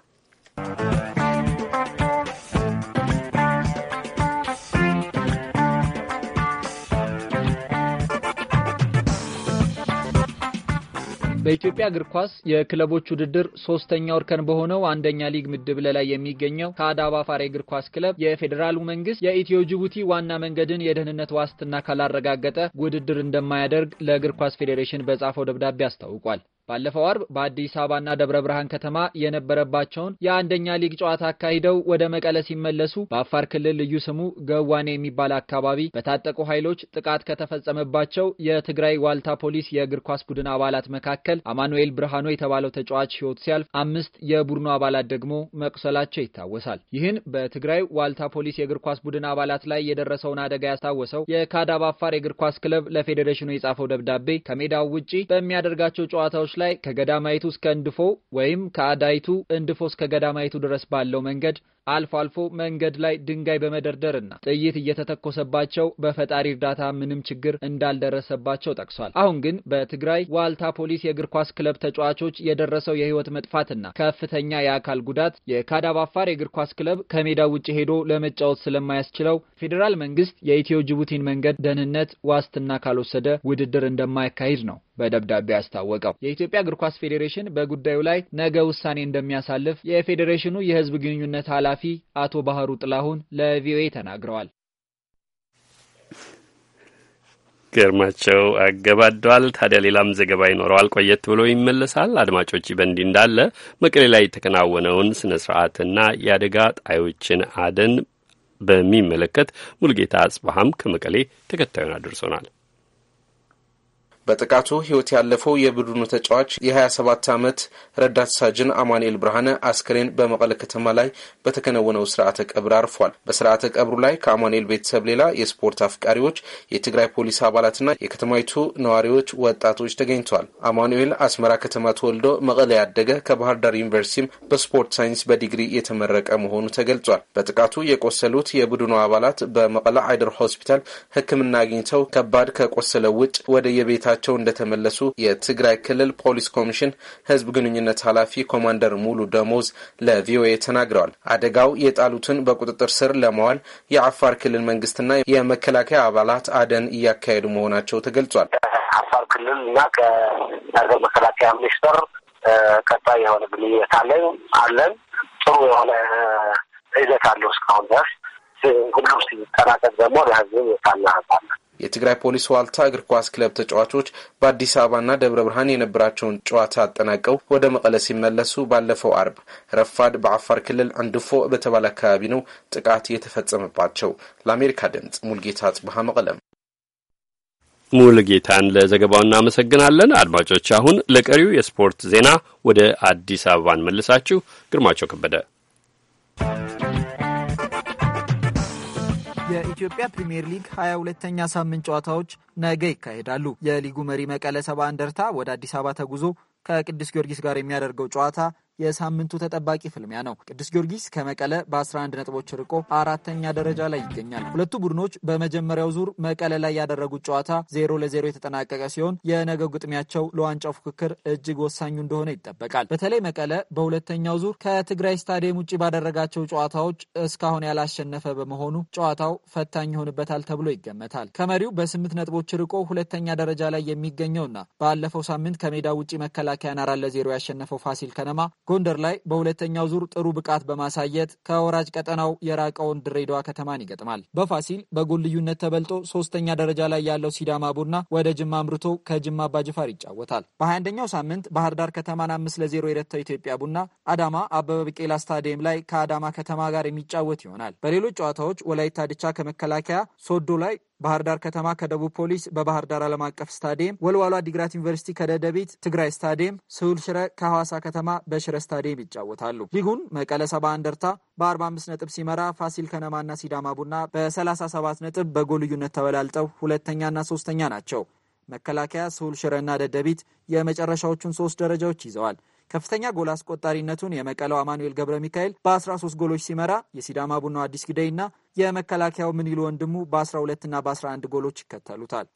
በኢትዮጵያ እግር ኳስ የክለቦች ውድድር ሶስተኛ ወርከን በሆነው አንደኛ ሊግ ምድብ ላይ የሚገኘው ከአዳባ ፋሬ እግር ኳስ ክለብ የፌዴራሉ መንግስት የኢትዮ ጅቡቲ ዋና መንገድን የደህንነት ዋስትና ካላረጋገጠ ውድድር እንደማያደርግ ለእግር ኳስ ፌዴሬሽን በጻፈው ደብዳቤ አስታውቋል። ባለፈው አርብ በአዲስ አበባና ደብረ ብርሃን ከተማ የነበረባቸውን የአንደኛ ሊግ ጨዋታ አካሂደው ወደ መቀለ ሲመለሱ በአፋር ክልል ልዩ ስሙ ገዋኔ የሚባል አካባቢ በታጠቁ ኃይሎች ጥቃት ከተፈጸመባቸው የትግራይ ዋልታ ፖሊስ የእግር ኳስ ቡድን አባላት መካከል አማኑኤል ብርሃኖ የተባለው ተጫዋች ሕይወት ሲያልፍ አምስት የቡድኑ አባላት ደግሞ መቁሰላቸው ይታወሳል። ይህን በትግራይ ዋልታ ፖሊስ የእግር ኳስ ቡድን አባላት ላይ የደረሰውን አደጋ ያስታወሰው የካዳብ አፋር የእግር ኳስ ክለብ ለፌዴሬሽኑ የጻፈው ደብዳቤ ከሜዳው ውጪ በሚያደርጋቸው ጨዋታዎች ላይ ከገዳማይቱ እስከ እንድፎ ወይም ከአዳይቱ እንድፎ እስከ ገዳማይቱ ድረስ ባለው መንገድ አልፎ አልፎ መንገድ ላይ ድንጋይ በመደርደርና ጥይት እየተተኮሰባቸው በፈጣሪ እርዳታ ምንም ችግር እንዳልደረሰባቸው ጠቅሷል። አሁን ግን በትግራይ ዋልታ ፖሊስ የእግር ኳስ ክለብ ተጫዋቾች የደረሰው የህይወት መጥፋትና ከፍተኛ የአካል ጉዳት የካዳብ አፋር የእግር ኳስ ክለብ ከሜዳ ውጭ ሄዶ ለመጫወት ስለማያስችለው ፌዴራል መንግስት የኢትዮ ጅቡቲን መንገድ ደህንነት ዋስትና ካልወሰደ ውድድር እንደማያካሂድ ነው በደብዳቤ አስታወቀው። የኢትዮጵያ እግር ኳስ ፌዴሬሽን በጉዳዩ ላይ ነገ ውሳኔ እንደሚያሳልፍ የፌዴሬሽኑ የህዝብ ግንኙነት ኃላፊ አቶ ባህሩ ጥላሁን ለቪኦኤ ተናግረዋል። ግርማቸው አገባደዋል። ታዲያ ሌላም ዘገባ ይኖረዋል፣ ቆየት ብሎ ይመለሳል። አድማጮች፣ በእንዲህ እንዳለ መቀሌ ላይ የተከናወነውን ስነ ስርዓትና የአደጋ ጣዮችን አደን በሚመለከት ሙልጌታ አጽባሀም ከመቀሌ ተከታዩን አድርሶናል። በጥቃቱ ህይወት ያለፈው የቡድኑ ተጫዋች የ27 ዓመት ረዳት ሳጅን አማኑኤል ብርሃነ አስክሬን በመቀለ ከተማ ላይ በተከናወነው ስርዓተ ቀብር አርፏል። በስርዓተ ቀብሩ ላይ ከአማኑኤል ቤተሰብ ሌላ የስፖርት አፍቃሪዎች፣ የትግራይ ፖሊስ አባላትና የከተማይቱ ነዋሪዎች፣ ወጣቶች ተገኝተዋል። አማኑኤል አስመራ ከተማ ተወልዶ መቀለ ያደገ ከባህር ዳር ዩኒቨርሲቲም በስፖርት ሳይንስ በዲግሪ የተመረቀ መሆኑ ተገልጿል። በጥቃቱ የቆሰሉት የቡድኑ አባላት በመቀለ አይደር ሆስፒታል ሕክምና አግኝተው ከባድ ከቆሰለው ውጭ ወደ የቤታ ወደየቤታቸው እንደተመለሱ የትግራይ ክልል ፖሊስ ኮሚሽን ህዝብ ግንኙነት ኃላፊ ኮማንደር ሙሉ ደሞዝ ለቪኦኤ ተናግረዋል። አደጋው የጣሉትን በቁጥጥር ስር ለመዋል የአፋር ክልል መንግስትና የመከላከያ አባላት አደን እያካሄዱ መሆናቸው ተገልጿል። ከአፋር ክልል እና ከሀገር መከላከያ ሚኒስቴር ቀጣይ የሆነ ግንኙነት አለን አለን ጥሩ የሆነ ሂደት አለው እስካሁን ድረስ ሁሉም ሲጠናቀቅ ደግሞ ለህዝብ የታና የትግራይ ፖሊስ ዋልታ እግር ኳስ ክለብ ተጫዋቾች በአዲስ አበባና ደብረ ብርሃን የነበራቸውን ጨዋታ አጠናቀው ወደ መቀለ ሲመለሱ ባለፈው አርብ ረፋድ በአፋር ክልል አንድፎ በተባለ አካባቢ ነው ጥቃት የተፈጸመባቸው። ለአሜሪካ ድምጽ ሙልጌታ ጽብሃ መቀለም። ሙልጌታን ለዘገባው እናመሰግናለን። አድማጮች፣ አሁን ለቀሪው የስፖርት ዜና ወደ አዲስ አበባ እንመልሳችሁ። ግርማቸው ከበደ የኢትዮጵያ ፕሪምየር ሊግ 22 ተኛ ሳምንት ጨዋታዎች ነገ ይካሄዳሉ። የሊጉ መሪ መቀለ ሰባ እንደርታ ወደ አዲስ አበባ ተጉዞ ከቅዱስ ጊዮርጊስ ጋር የሚያደርገው ጨዋታ የሳምንቱ ተጠባቂ ፍልሚያ ነው። ቅዱስ ጊዮርጊስ ከመቀለ በ11 ነጥቦች ርቆ አራተኛ ደረጃ ላይ ይገኛል። ሁለቱ ቡድኖች በመጀመሪያው ዙር መቀለ ላይ ያደረጉት ጨዋታ ዜሮ ለዜሮ የተጠናቀቀ ሲሆን የነገ ግጥሚያቸው ለዋንጫው ፉክክር እጅግ ወሳኙ እንደሆነ ይጠበቃል። በተለይ መቀለ በሁለተኛው ዙር ከትግራይ ስታዲየም ውጭ ባደረጋቸው ጨዋታዎች እስካሁን ያላሸነፈ በመሆኑ ጨዋታው ፈታኝ ይሆንበታል ተብሎ ይገመታል። ከመሪው በስምንት ነጥቦች ርቆ ሁለተኛ ደረጃ ላይ የሚገኘውና ባለፈው ሳምንት ከሜዳ ውጭ መከላከያን አራት ለዜሮ ያሸነፈው ፋሲል ከነማ ጎንደር ላይ በሁለተኛው ዙር ጥሩ ብቃት በማሳየት ከወራጅ ቀጠናው የራቀውን ድሬዳዋ ከተማን ይገጥማል። በፋሲል በጎል ልዩነት ተበልጦ ሶስተኛ ደረጃ ላይ ያለው ሲዳማ ቡና ወደ ጅማ አምርቶ ከጅማ አባጅፋር ይጫወታል። በ21ኛው ሳምንት ባህር ዳር ከተማን አምስት ለዜሮ የረታው ኢትዮጵያ ቡና አዳማ አበበ ቢቄላ ስታዲየም ላይ ከአዳማ ከተማ ጋር የሚጫወት ይሆናል። በሌሎች ጨዋታዎች ወላይታ ድቻ ከመከላከያ፣ ሶዶ ላይ ባህር ዳር ከተማ ከደቡብ ፖሊስ፣ በባህር ዳር ዓለም አቀፍ ስታዲየም፣ ወልዋሎ አዲግራት ዩኒቨርሲቲ ከደደቢት፣ ትግራይ ስታዲየም፣ ስሁል ሽረ ከሐዋሳ ከተማ በሽረ ስታዲየም ይጫወታሉ። ሊጉን መቀለ ሰባ እንደርታ በ45 ነጥብ ሲመራ ፋሲል ከነማና ሲዳማ ቡና በ37 ነጥብ በጎል ልዩነት ተበላልጠው ሁለተኛና ሶስተኛ ናቸው። መከላከያ፣ ስሁል ሽረና ደደቢት የመጨረሻዎቹን ሶስት ደረጃዎች ይዘዋል። ከፍተኛ ጎል አስቆጣሪነቱን የመቀለው አማኑኤል ገብረ ሚካኤል በ13 ጎሎች ሲመራ የሲዳማ ቡናው አዲስ ግዳይና የመከላከያው ምንይሉ ወንድሙ በ12ና በ11 ጎሎች ይከተሉታል።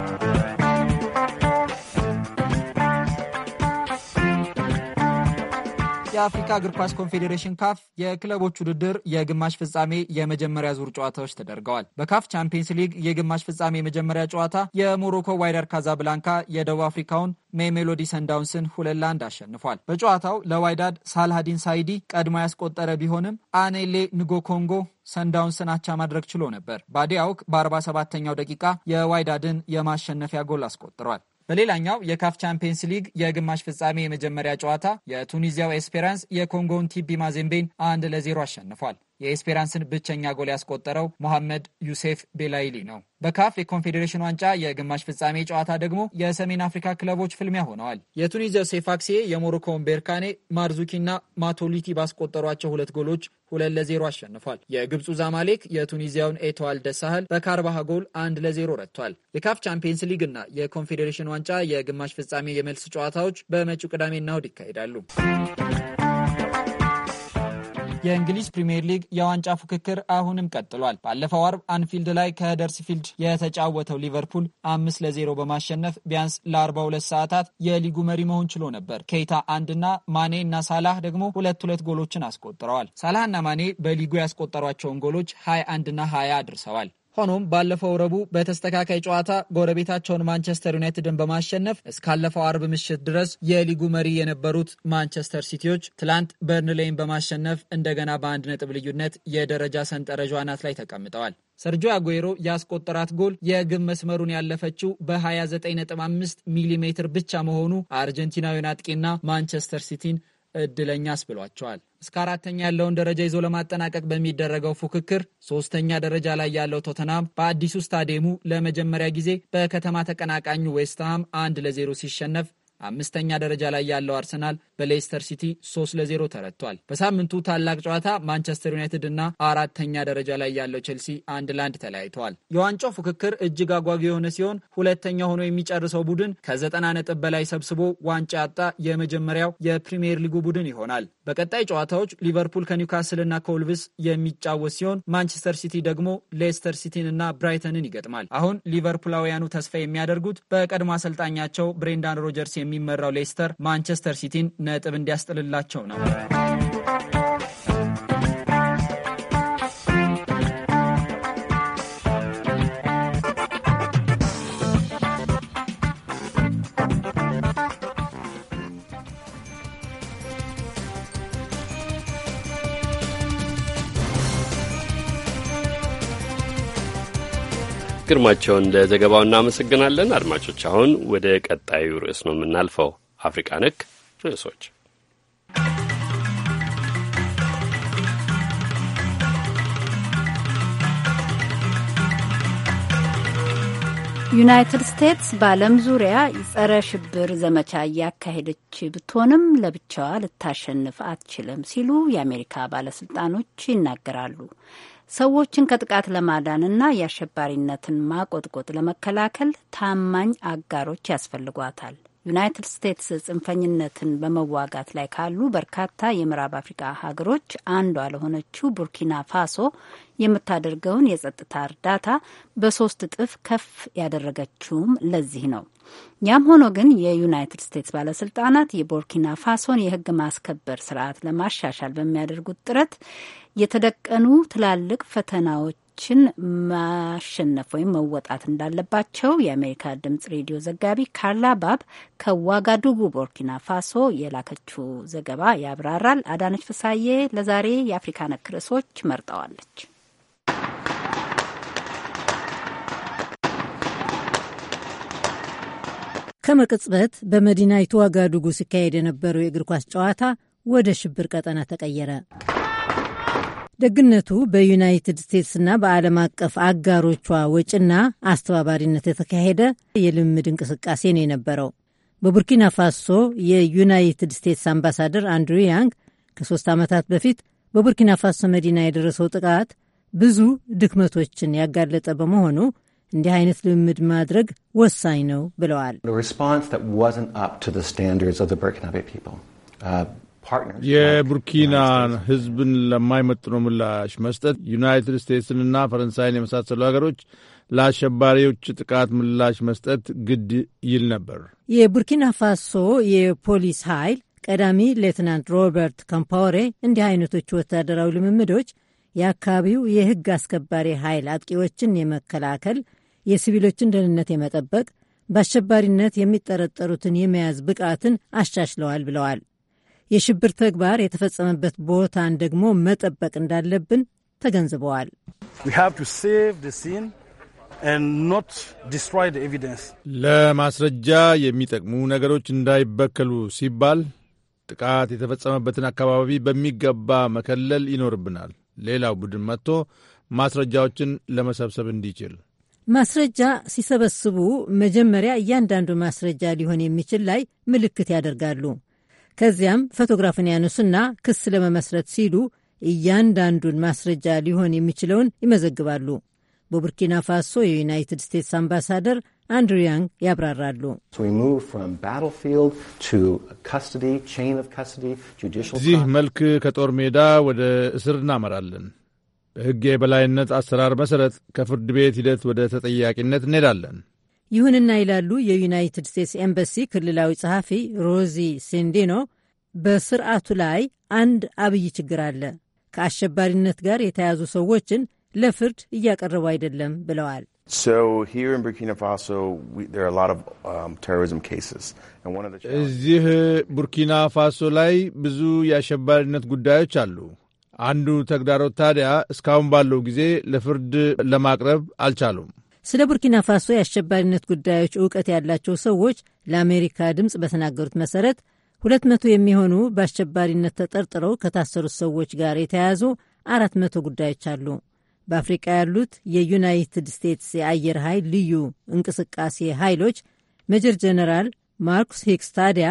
የአፍሪካ እግር ኳስ ኮንፌዴሬሽን ካፍ የክለቦች ውድድር የግማሽ ፍጻሜ የመጀመሪያ ዙር ጨዋታዎች ተደርገዋል። በካፍ ቻምፒየንስ ሊግ የግማሽ ፍጻሜ የመጀመሪያ ጨዋታ የሞሮኮ ዋይደር ካዛብላንካ የደቡብ አፍሪካውን ሜሜሎዲ ሰንዳውንስን ሁለት ለአንድ አሸንፏል። በጨዋታው ለዋይዳድ ሳልሃዲን ሳይዲ ቀድሞ ያስቆጠረ ቢሆንም አኔሌ ንጎ ኮንጎ ሰንዳውንስን አቻ ማድረግ ችሎ ነበር። ባዲያውክ በ47ኛው ደቂቃ የዋይዳድን የማሸነፊያ ጎል አስቆጥሯል። በሌላኛው የካፍ ቻምፒየንስ ሊግ የግማሽ ፍጻሜ የመጀመሪያ ጨዋታ የቱኒዚያው ኤስፔራንስ የኮንጎውን ቲቢ ማዜምቤን አንድ ለዜሮ አሸንፏል። የኤስፔራንስን ብቸኛ ጎል ያስቆጠረው ሞሐመድ ዩሴፍ ቤላይሊ ነው። በካፍ የኮንፌዴሬሽን ዋንጫ የግማሽ ፍጻሜ ጨዋታ ደግሞ የሰሜን አፍሪካ ክለቦች ፍልሚያ ሆነዋል። የቱኒዚያው ሴፋክሴ የሞሮኮውን ቤርካኔ፣ ማርዙኪና ማቶሊቲ ባስቆጠሯቸው ሁለት ጎሎች ሁለት ለዜሮ አሸንፏል። የግብፁ ዛማሌክ የቱኒዚያውን ኤቶዋል ደሳህል በካርባህ ጎል አንድ ለዜሮ ረጥቷል። የካፍ ቻምፒየንስ እና የኮንፌዴሬሽን ዋንጫ የግማሽ ፍጻሜ የመልስ ጨዋታዎች በመጪው ቅዳሜና እሁድ ይካሄዳሉ። የእንግሊዝ ፕሪምየር ሊግ የዋንጫ ፉክክር አሁንም ቀጥሏል። ባለፈው አርብ አንፊልድ ላይ ከደርስፊልድ የተጫወተው ሊቨርፑል አምስት ለዜሮ በማሸነፍ ቢያንስ ለአርባ ሁለት ሰዓታት የሊጉ መሪ መሆን ችሎ ነበር። ኬይታ አንድና ማኔ እና ሳላህ ደግሞ ሁለት ሁለት ጎሎችን አስቆጥረዋል። ሳላህና ማኔ በሊጉ ያስቆጠሯቸውን ጎሎች ሀያ አንድና ሀያ አድርሰዋል። ሆኖም ባለፈው ረቡዕ በተስተካካይ ጨዋታ ጎረቤታቸውን ማንቸስተር ዩናይትድን በማሸነፍ እስካለፈው አርብ ምሽት ድረስ የሊጉ መሪ የነበሩት ማንቸስተር ሲቲዎች ትላንት በርንሌይን በማሸነፍ እንደገና በአንድ ነጥብ ልዩነት የደረጃ ሰንጠረዥ አናት ላይ ተቀምጠዋል። ሰርጆ አጉዌሮ ያስቆጠራት ጎል የግብ መስመሩን ያለፈችው በ29.5 ሚሊ ሜትር ብቻ መሆኑ አርጀንቲናዊን አጥቂና ማንቸስተር ሲቲን እድለኛስ ብሏቸዋል። እስከ አራተኛ ያለውን ደረጃ ይዞ ለማጠናቀቅ በሚደረገው ፉክክር ሶስተኛ ደረጃ ላይ ያለው ቶተናም በአዲሱ ስታዲየሙ ለመጀመሪያ ጊዜ በከተማ ተቀናቃኙ ዌስትሃም አንድ ለዜሮ ሲሸነፍ አምስተኛ ደረጃ ላይ ያለው አርሰናል በሌስተር ሲቲ 3 ለ0 ተረቷል። በሳምንቱ ታላቅ ጨዋታ ማንቸስተር ዩናይትድ እና አራተኛ ደረጃ ላይ ያለው ቼልሲ አንድ ለአንድ ተለያይተዋል። የዋንጫው ፉክክር እጅግ አጓጊ የሆነ ሲሆን ሁለተኛ ሆኖ የሚጨርሰው ቡድን ከዘጠና ነጥብ በላይ ሰብስቦ ዋንጫ ያጣ የመጀመሪያው የፕሪምየር ሊጉ ቡድን ይሆናል። በቀጣይ ጨዋታዎች ሊቨርፑል ከኒውካስል እና ከወልቭስ የሚጫወት ሲሆን ማንቸስተር ሲቲ ደግሞ ሌስተር ሲቲን እና ብራይተንን ይገጥማል። አሁን ሊቨርፑላውያኑ ተስፋ የሚያደርጉት በቀድሞ አሰልጣኛቸው ብሬንዳን ሮጀርስ የሚ የሚመራው ሌስተር ማንቸስተር ሲቲን ነጥብ እንዲያስጥልላቸው ነው። ግርማቸውን ለዘገባው እናመሰግናለን። አድማጮች፣ አሁን ወደ ቀጣዩ ርዕስ ነው የምናልፈው። አፍሪቃ ነክ ርዕሶች ዩናይትድ ስቴትስ በዓለም ዙሪያ የጸረ ሽብር ዘመቻ እያካሄደች ብትሆንም ለብቻዋ ልታሸንፍ አትችልም ሲሉ የአሜሪካ ባለስልጣኖች ይናገራሉ። ሰዎችን ከጥቃት ለማዳንና የአሸባሪነትን ማቆጥቆጥ ለመከላከል ታማኝ አጋሮች ያስፈልጓታል። ዩናይትድ ስቴትስ ጽንፈኝነትን በመዋጋት ላይ ካሉ በርካታ የምዕራብ አፍሪካ ሀገሮች አንዷ ለሆነችው ቡርኪና ፋሶ የምታደርገውን የጸጥታ እርዳታ በሶስት እጥፍ ከፍ ያደረገችውም ለዚህ ነው። ያም ሆኖ ግን የዩናይትድ ስቴትስ ባለስልጣናት የቦርኪና ፋሶን የህግ ማስከበር ስርዓት ለማሻሻል በሚያደርጉት ጥረት የተደቀኑ ትላልቅ ፈተናዎችን ማሸነፍ ወይም መወጣት እንዳለባቸው የአሜሪካ ድምጽ ሬዲዮ ዘጋቢ ካርላ ባብ ከዋጋዱጉ ቦርኪና ፋሶ የላከችው ዘገባ ያብራራል። አዳነች ፍሳዬ ለዛሬ የአፍሪካ ነክ ርዕሶች መርጠዋለች። ከመቅጽበት በመዲናይቱ ዋጋዱጉ ሲካሄድ የነበረው የእግር ኳስ ጨዋታ ወደ ሽብር ቀጠና ተቀየረ። ደግነቱ በዩናይትድ ስቴትስና በዓለም አቀፍ አጋሮቿ ወጪና አስተባባሪነት የተካሄደ የልምድ እንቅስቃሴ ነው የነበረው። በቡርኪና ፋሶ የዩናይትድ ስቴትስ አምባሳደር አንድሩ ያንግ ከሶስት ዓመታት በፊት በቡርኪና ፋሶ መዲና የደረሰው ጥቃት ብዙ ድክመቶችን ያጋለጠ በመሆኑ እንዲህ አይነት ልምምድ ማድረግ ወሳኝ ነው ብለዋል። የቡርኪናን ሕዝብን ለማይመጥኖ ምላሽ መስጠት ዩናይትድ ስቴትስንና ፈረንሳይን የመሳሰሉ ሀገሮች ለአሸባሪዎች ጥቃት ምላሽ መስጠት ግድ ይል ነበር። የቡርኪና ፋሶ የፖሊስ ኃይል ቀዳሚ ሌትናንት ሮበርት ካምፓወሬ እንዲህ አይነቶቹ ወታደራዊ ልምምዶች የአካባቢው የሕግ አስከባሪ ኃይል አጥቂዎችን የመከላከል የሲቪሎችን ደህንነት የመጠበቅ በአሸባሪነት የሚጠረጠሩትን የመያዝ ብቃትን አሻሽለዋል ብለዋል። የሽብር ተግባር የተፈጸመበት ቦታን ደግሞ መጠበቅ እንዳለብን ተገንዝበዋል። ለማስረጃ የሚጠቅሙ ነገሮች እንዳይበከሉ ሲባል ጥቃት የተፈጸመበትን አካባቢ በሚገባ መከለል ይኖርብናል። ሌላው ቡድን መጥቶ ማስረጃዎችን ለመሰብሰብ እንዲችል ማስረጃ ሲሰበስቡ መጀመሪያ እያንዳንዱ ማስረጃ ሊሆን የሚችል ላይ ምልክት ያደርጋሉ። ከዚያም ፎቶግራፍን ያነሱና ክስ ለመመስረት ሲሉ እያንዳንዱን ማስረጃ ሊሆን የሚችለውን ይመዘግባሉ። በቡርኪና ፋሶ የዩናይትድ ስቴትስ አምባሳደር አንድሩ ያንግ ያብራራሉ። በዚህ መልክ ከጦር ሜዳ ወደ እስር እናመራለን። በሕግ የበላይነት አሰራር መሠረት ከፍርድ ቤት ሂደት ወደ ተጠያቂነት እንሄዳለን። ይሁንና ይላሉ የዩናይትድ ስቴትስ ኤምበሲ ክልላዊ ጸሐፊ ሮዚ ሴንዴኖ፣ በስርዓቱ ላይ አንድ አብይ ችግር አለ። ከአሸባሪነት ጋር የተያዙ ሰዎችን ለፍርድ እያቀረቡ አይደለም ብለዋል። um, እዚህ ቡርኪና ፋሶ ላይ ብዙ የአሸባሪነት ጉዳዮች አሉ። አንዱ ተግዳሮት ታዲያ እስካሁን ባለው ጊዜ ለፍርድ ለማቅረብ አልቻሉም። ስለ ቡርኪና ፋሶ የአሸባሪነት ጉዳዮች እውቀት ያላቸው ሰዎች ለአሜሪካ ድምፅ በተናገሩት መሰረት ሁለት መቶ የሚሆኑ በአሸባሪነት ተጠርጥረው ከታሰሩት ሰዎች ጋር የተያያዙ አራት መቶ ጉዳዮች አሉ። በአፍሪቃ ያሉት የዩናይትድ ስቴትስ የአየር ኃይል ልዩ እንቅስቃሴ ኃይሎች መጀር ጀነራል ማርኩስ ሂክስ ታዲያ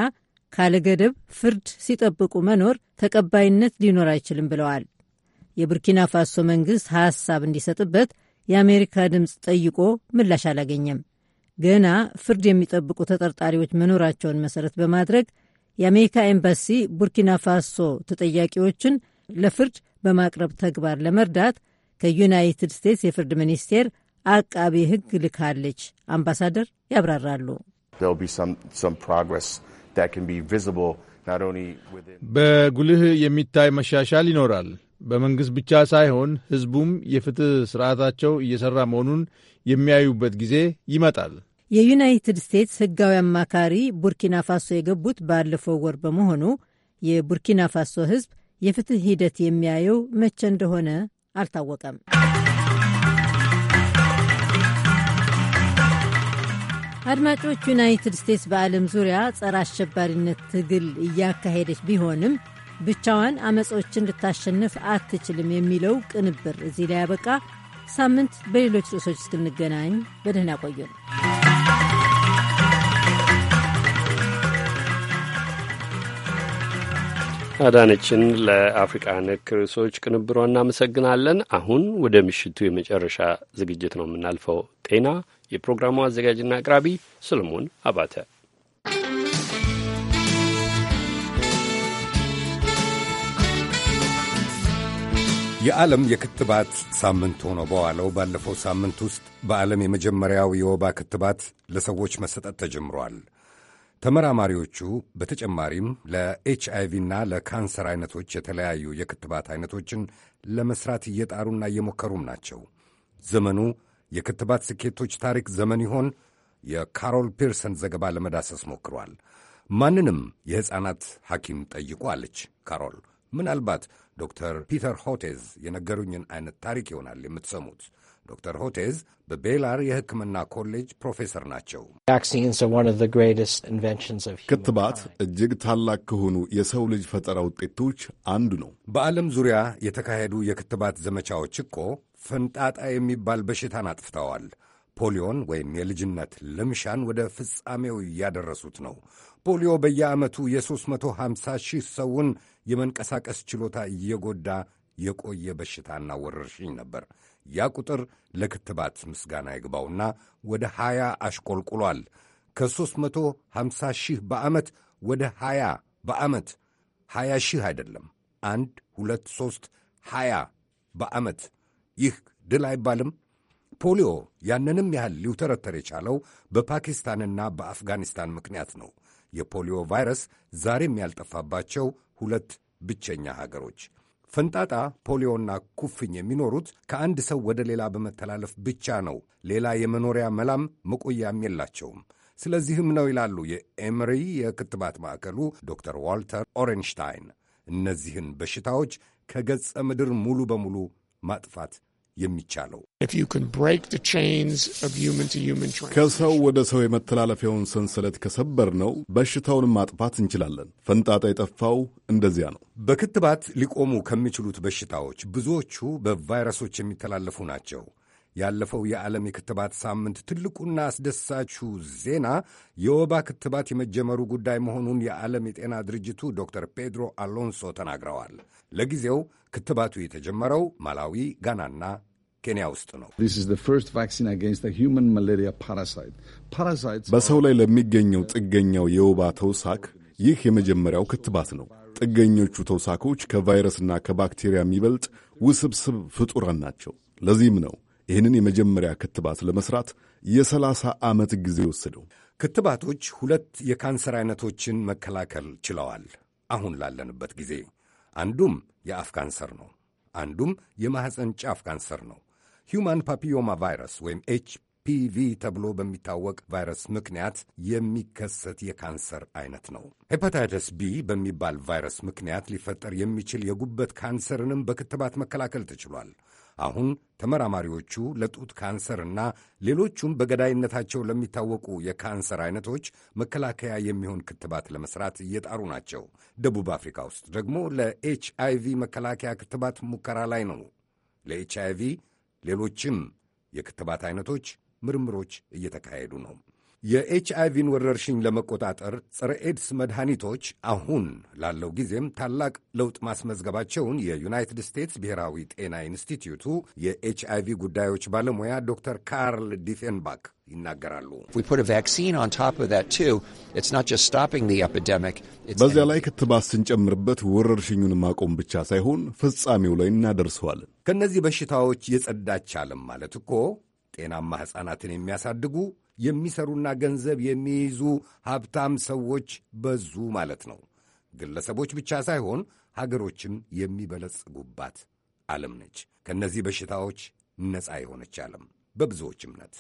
ካለገደብ ፍርድ ሲጠብቁ መኖር ተቀባይነት ሊኖር አይችልም ብለዋል። የቡርኪና ፋሶ መንግሥት ሐሳብ እንዲሰጥበት የአሜሪካ ድምፅ ጠይቆ ምላሽ አላገኘም። ገና ፍርድ የሚጠብቁ ተጠርጣሪዎች መኖራቸውን መሰረት በማድረግ የአሜሪካ ኤምባሲ ቡርኪና ፋሶ ተጠያቂዎችን ለፍርድ በማቅረብ ተግባር ለመርዳት ከዩናይትድ ስቴትስ የፍርድ ሚኒስቴር አቃቢ ሕግ ልካለች። አምባሳደር ያብራራሉ። በጉልህ የሚታይ መሻሻል ይኖራል። በመንግሥት ብቻ ሳይሆን ሕዝቡም የፍትሕ ሥርዓታቸው እየሠራ መሆኑን የሚያዩበት ጊዜ ይመጣል። የዩናይትድ ስቴትስ ሕጋዊ አማካሪ ቡርኪና ፋሶ የገቡት ባለፈው ወር በመሆኑ የቡርኪና ፋሶ ሕዝብ የፍትሕ ሂደት የሚያየው መቼ እንደሆነ አልታወቀም። አድማጮች፣ ዩናይትድ ስቴትስ በዓለም ዙሪያ ጸረ አሸባሪነት ትግል እያካሄደች ቢሆንም ብቻዋን አመጾችን ልታሸንፍ አትችልም የሚለው ቅንብር እዚህ ላይ ያበቃ። ሳምንት በሌሎች ርዕሶች እስክንገናኝ በደህና ነው። አዳነችን ለአፍሪቃ ነክ ርዕሶች ቅንብሯ እናመሰግናለን። አሁን ወደ ምሽቱ የመጨረሻ ዝግጅት ነው የምናልፈው ጤና የፕሮግራሙ አዘጋጅና አቅራቢ ሰለሞን አባተ። የዓለም የክትባት ሳምንት ሆኖ በዋለው ባለፈው ሳምንት ውስጥ በዓለም የመጀመሪያው የወባ ክትባት ለሰዎች መሰጠት ተጀምሯል። ተመራማሪዎቹ በተጨማሪም ለኤች እና ለካንሰር አይነቶች የተለያዩ የክትባት አይነቶችን ለመስራት እየጣሩና እየሞከሩም ናቸው። ዘመኑ የክትባት ስኬቶች ታሪክ ዘመን ይሆን? የካሮል ፒርሰን ዘገባ ለመዳሰስ ሞክሯል። ማንንም የሕፃናት ሐኪም ጠይቁ አለች ካሮል። ምናልባት ዶክተር ፒተር ሆቴዝ የነገሩኝን አይነት ታሪክ ይሆናል የምትሰሙት። ዶክተር ሆቴዝ በቤላር የሕክምና ኮሌጅ ፕሮፌሰር ናቸው። ክትባት እጅግ ታላቅ ከሆኑ የሰው ልጅ ፈጠራ ውጤቶች አንዱ ነው። በዓለም ዙሪያ የተካሄዱ የክትባት ዘመቻዎች እኮ ፈንጣጣ የሚባል በሽታን አጥፍተዋል። ፖሊዮን ወይም የልጅነት ልምሻን ወደ ፍጻሜው እያደረሱት ነው። ፖሊዮ በየዓመቱ የ350 ሺህ ሰውን የመንቀሳቀስ ችሎታ እየጎዳ የቆየ በሽታና ወረርሽኝ ነበር። ያ ቁጥር ለክትባት ምስጋና ይግባውና ወደ 20 አሽቆልቁሏል። ከ350 ሺህ በዓመት ወደ 20 በዓመት 20 ሺህ አይደለም፣ አንድ ሁለት ሦስት 20 በዓመት ይህ ድል አይባልም? ፖሊዮ ያንንም ያህል ሊውተረተር የቻለው በፓኪስታንና በአፍጋኒስታን ምክንያት ነው። የፖሊዮ ቫይረስ ዛሬም ያልጠፋባቸው ሁለት ብቸኛ ሀገሮች። ፈንጣጣ፣ ፖሊዮና ኩፍኝ የሚኖሩት ከአንድ ሰው ወደ ሌላ በመተላለፍ ብቻ ነው። ሌላ የመኖሪያ መላም መቆያም የላቸውም። ስለዚህም ነው ይላሉ የኤምሪ የክትባት ማዕከሉ ዶክተር ዋልተር ኦሬንሽታይን። እነዚህን በሽታዎች ከገጸ ምድር ሙሉ በሙሉ ማጥፋት የሚቻለው ከሰው ወደ ሰው የመተላለፊያውን ሰንሰለት ከሰበር ነው በሽታውን ማጥፋት እንችላለን። ፈንጣጣ የጠፋው እንደዚያ ነው። በክትባት ሊቆሙ ከሚችሉት በሽታዎች ብዙዎቹ በቫይረሶች የሚተላለፉ ናቸው። ያለፈው የዓለም የክትባት ሳምንት ትልቁና አስደሳቹ ዜና የወባ ክትባት የመጀመሩ ጉዳይ መሆኑን የዓለም የጤና ድርጅቱ ዶክተር ፔድሮ አሎንሶ ተናግረዋል። ለጊዜው ክትባቱ የተጀመረው ማላዊ፣ ጋናና ኬንያ ውስጥ ነው። በሰው ላይ ለሚገኘው ጥገኛው የወባ ተውሳክ ይህ የመጀመሪያው ክትባት ነው። ጥገኞቹ ተውሳኮች ከቫይረስና ከባክቴሪያ የሚበልጥ ውስብስብ ፍጡራን ናቸው። ለዚህም ነው ይህንን የመጀመሪያ ክትባት ለመስራት የሰላሳ ዓመት ጊዜ ወሰደው። ክትባቶች ሁለት የካንሰር አይነቶችን መከላከል ችለዋል። አሁን ላለንበት ጊዜ አንዱም የአፍ ካንሰር ነው፣ አንዱም የማኅፀን ጫፍ ካንሰር ነው። ሂውማን ፓፒዮማ ቫይረስ ወይም ፒቪ ተብሎ በሚታወቅ ቫይረስ ምክንያት የሚከሰት የካንሰር አይነት ነው። ሄፓታይተስ ቢ በሚባል ቫይረስ ምክንያት ሊፈጠር የሚችል የጉበት ካንሰርንም በክትባት መከላከል ተችሏል። አሁን ተመራማሪዎቹ ለጡት ካንሰርና ሌሎቹም በገዳይነታቸው ለሚታወቁ የካንሰር አይነቶች መከላከያ የሚሆን ክትባት ለመስራት እየጣሩ ናቸው። ደቡብ አፍሪካ ውስጥ ደግሞ ለኤች መከላከያ ክትባት ሙከራ ላይ ነው። ለኤች ቪ ሌሎችም የክትባት አይነቶች ምርምሮች እየተካሄዱ ነው። የኤችአይቪን ወረርሽኝ ለመቆጣጠር ጸረ ኤድስ መድኃኒቶች አሁን ላለው ጊዜም ታላቅ ለውጥ ማስመዝገባቸውን የዩናይትድ ስቴትስ ብሔራዊ ጤና ኢንስቲትዩቱ የኤችአይቪ ጉዳዮች ባለሙያ ዶክተር ካርል ዲፌንባክ ይናገራሉ። በዚያ ላይ ክትባት ስንጨምርበት ወረርሽኙን ማቆም ብቻ ሳይሆን ፍጻሜው ላይ እናደርሰዋለን። ከእነዚህ በሽታዎች የጸዳች ዓለም ማለት እኮ ጤናማ ሕፃናትን የሚያሳድጉ የሚሰሩና ገንዘብ የሚይዙ ሀብታም ሰዎች በዙ ማለት ነው። ግለሰቦች ብቻ ሳይሆን ሀገሮችም የሚበለጽጉባት ዓለም ነች። ከእነዚህ በሽታዎች ነፃ የሆነች ዓለም በብዙዎች እምነት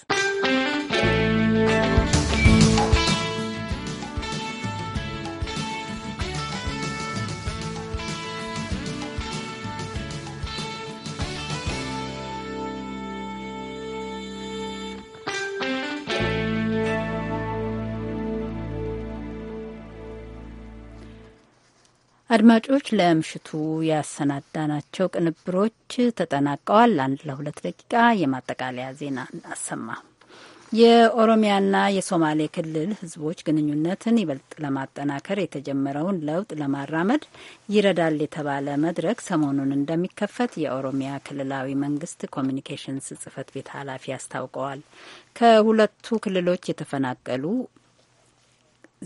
አድማጮች ለምሽቱ ያሰናዳናቸው ቅንብሮች ተጠናቀዋል። አንድ ለሁለት ደቂቃ የማጠቃለያ ዜና አሰማ። የኦሮሚያና የሶማሌ ክልል ህዝቦች ግንኙነትን ይበልጥ ለማጠናከር የተጀመረውን ለውጥ ለማራመድ ይረዳል የተባለ መድረክ ሰሞኑን እንደሚከፈት የኦሮሚያ ክልላዊ መንግስት ኮሚኒኬሽንስ ጽህፈት ቤት ኃላፊ አስታውቀዋል። ከሁለቱ ክልሎች የተፈናቀሉ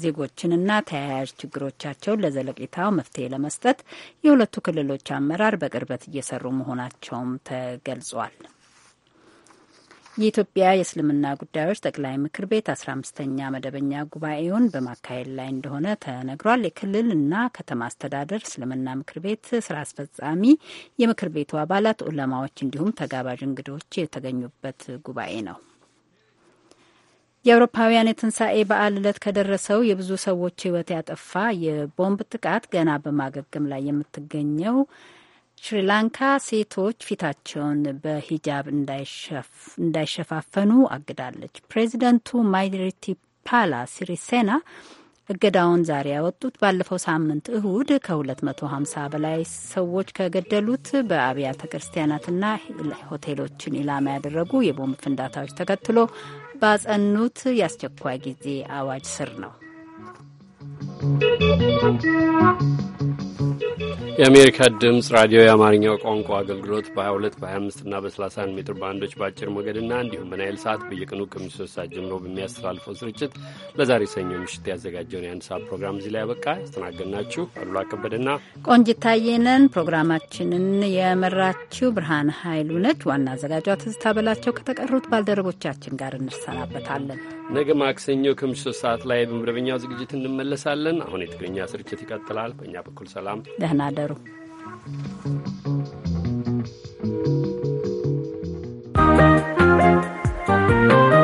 ዜጎችንና ተያያዥ ችግሮቻቸውን ለዘለቄታው መፍትሄ ለመስጠት የሁለቱ ክልሎች አመራር በቅርበት እየሰሩ መሆናቸውም ተገልጿል። የኢትዮጵያ የእስልምና ጉዳዮች ጠቅላይ ምክር ቤት አስራ አምስተኛ መደበኛ ጉባኤውን በማካሄድ ላይ እንደሆነ ተነግሯል። የክልልና ከተማ አስተዳደር እስልምና ምክር ቤት ስራ አስፈጻሚ፣ የምክር ቤቱ አባላት፣ ዑለማዎች እንዲሁም ተጋባዥ እንግዶች የተገኙበት ጉባኤ ነው። የአውሮፓውያን የትንሣኤ በዓል ዕለት ከደረሰው የብዙ ሰዎች ሕይወት ያጠፋ የቦምብ ጥቃት ገና በማገገም ላይ የምትገኘው ሽሪላንካ ሴቶች ፊታቸውን በሂጃብ እንዳይሸፋፈኑ አግዳለች። ፕሬዚደንቱ ማይሪቲ ፓላ ሲሪሴና እገዳውን ዛሬ ያወጡት ባለፈው ሳምንት እሁድ ከ250 በላይ ሰዎች ከገደሉት በአብያተ ክርስቲያናትና ሆቴሎችን ኢላማ ያደረጉ የቦምብ ፍንዳታዎች ተከትሎ ባጸኑት የአስቸኳይ ጊዜ አዋጅ ስር ነው። የአሜሪካ ድምፅ ራዲዮ የአማርኛው ቋንቋ አገልግሎት በ22 በ25 እና በ31 ሜትር ባንዶች በአጭር ሞገድና እንዲሁም በናይል ሰዓት በየቀኑ ከምሽቱ ሶስት ሰዓት ጀምሮ በሚያስተላልፈው ስርጭት ለዛሬ ሰኞ ምሽት ያዘጋጀውን የአንድ ሰዓት ፕሮግራም እዚህ ላይ ያበቃ። ያስተናገድናችሁ አሉላ ከበደና ቆንጂት ፕሮግራማችንን የመራችው ብርሃን ኃይሉ ነች። ዋና አዘጋጇ ትዝታ በላቸው ከተቀሩት ባልደረቦቻችን ጋር እንሰናበታለን። ነገ ማክሰኞ ከምሽቱ ሰዓት ላይ በመደበኛው ዝግጅት እንመለሳለን። አሁን የትግርኛ ስርጭት ይቀጥላል። በእኛ በኩል ሰላም፣ ደህና ደሩ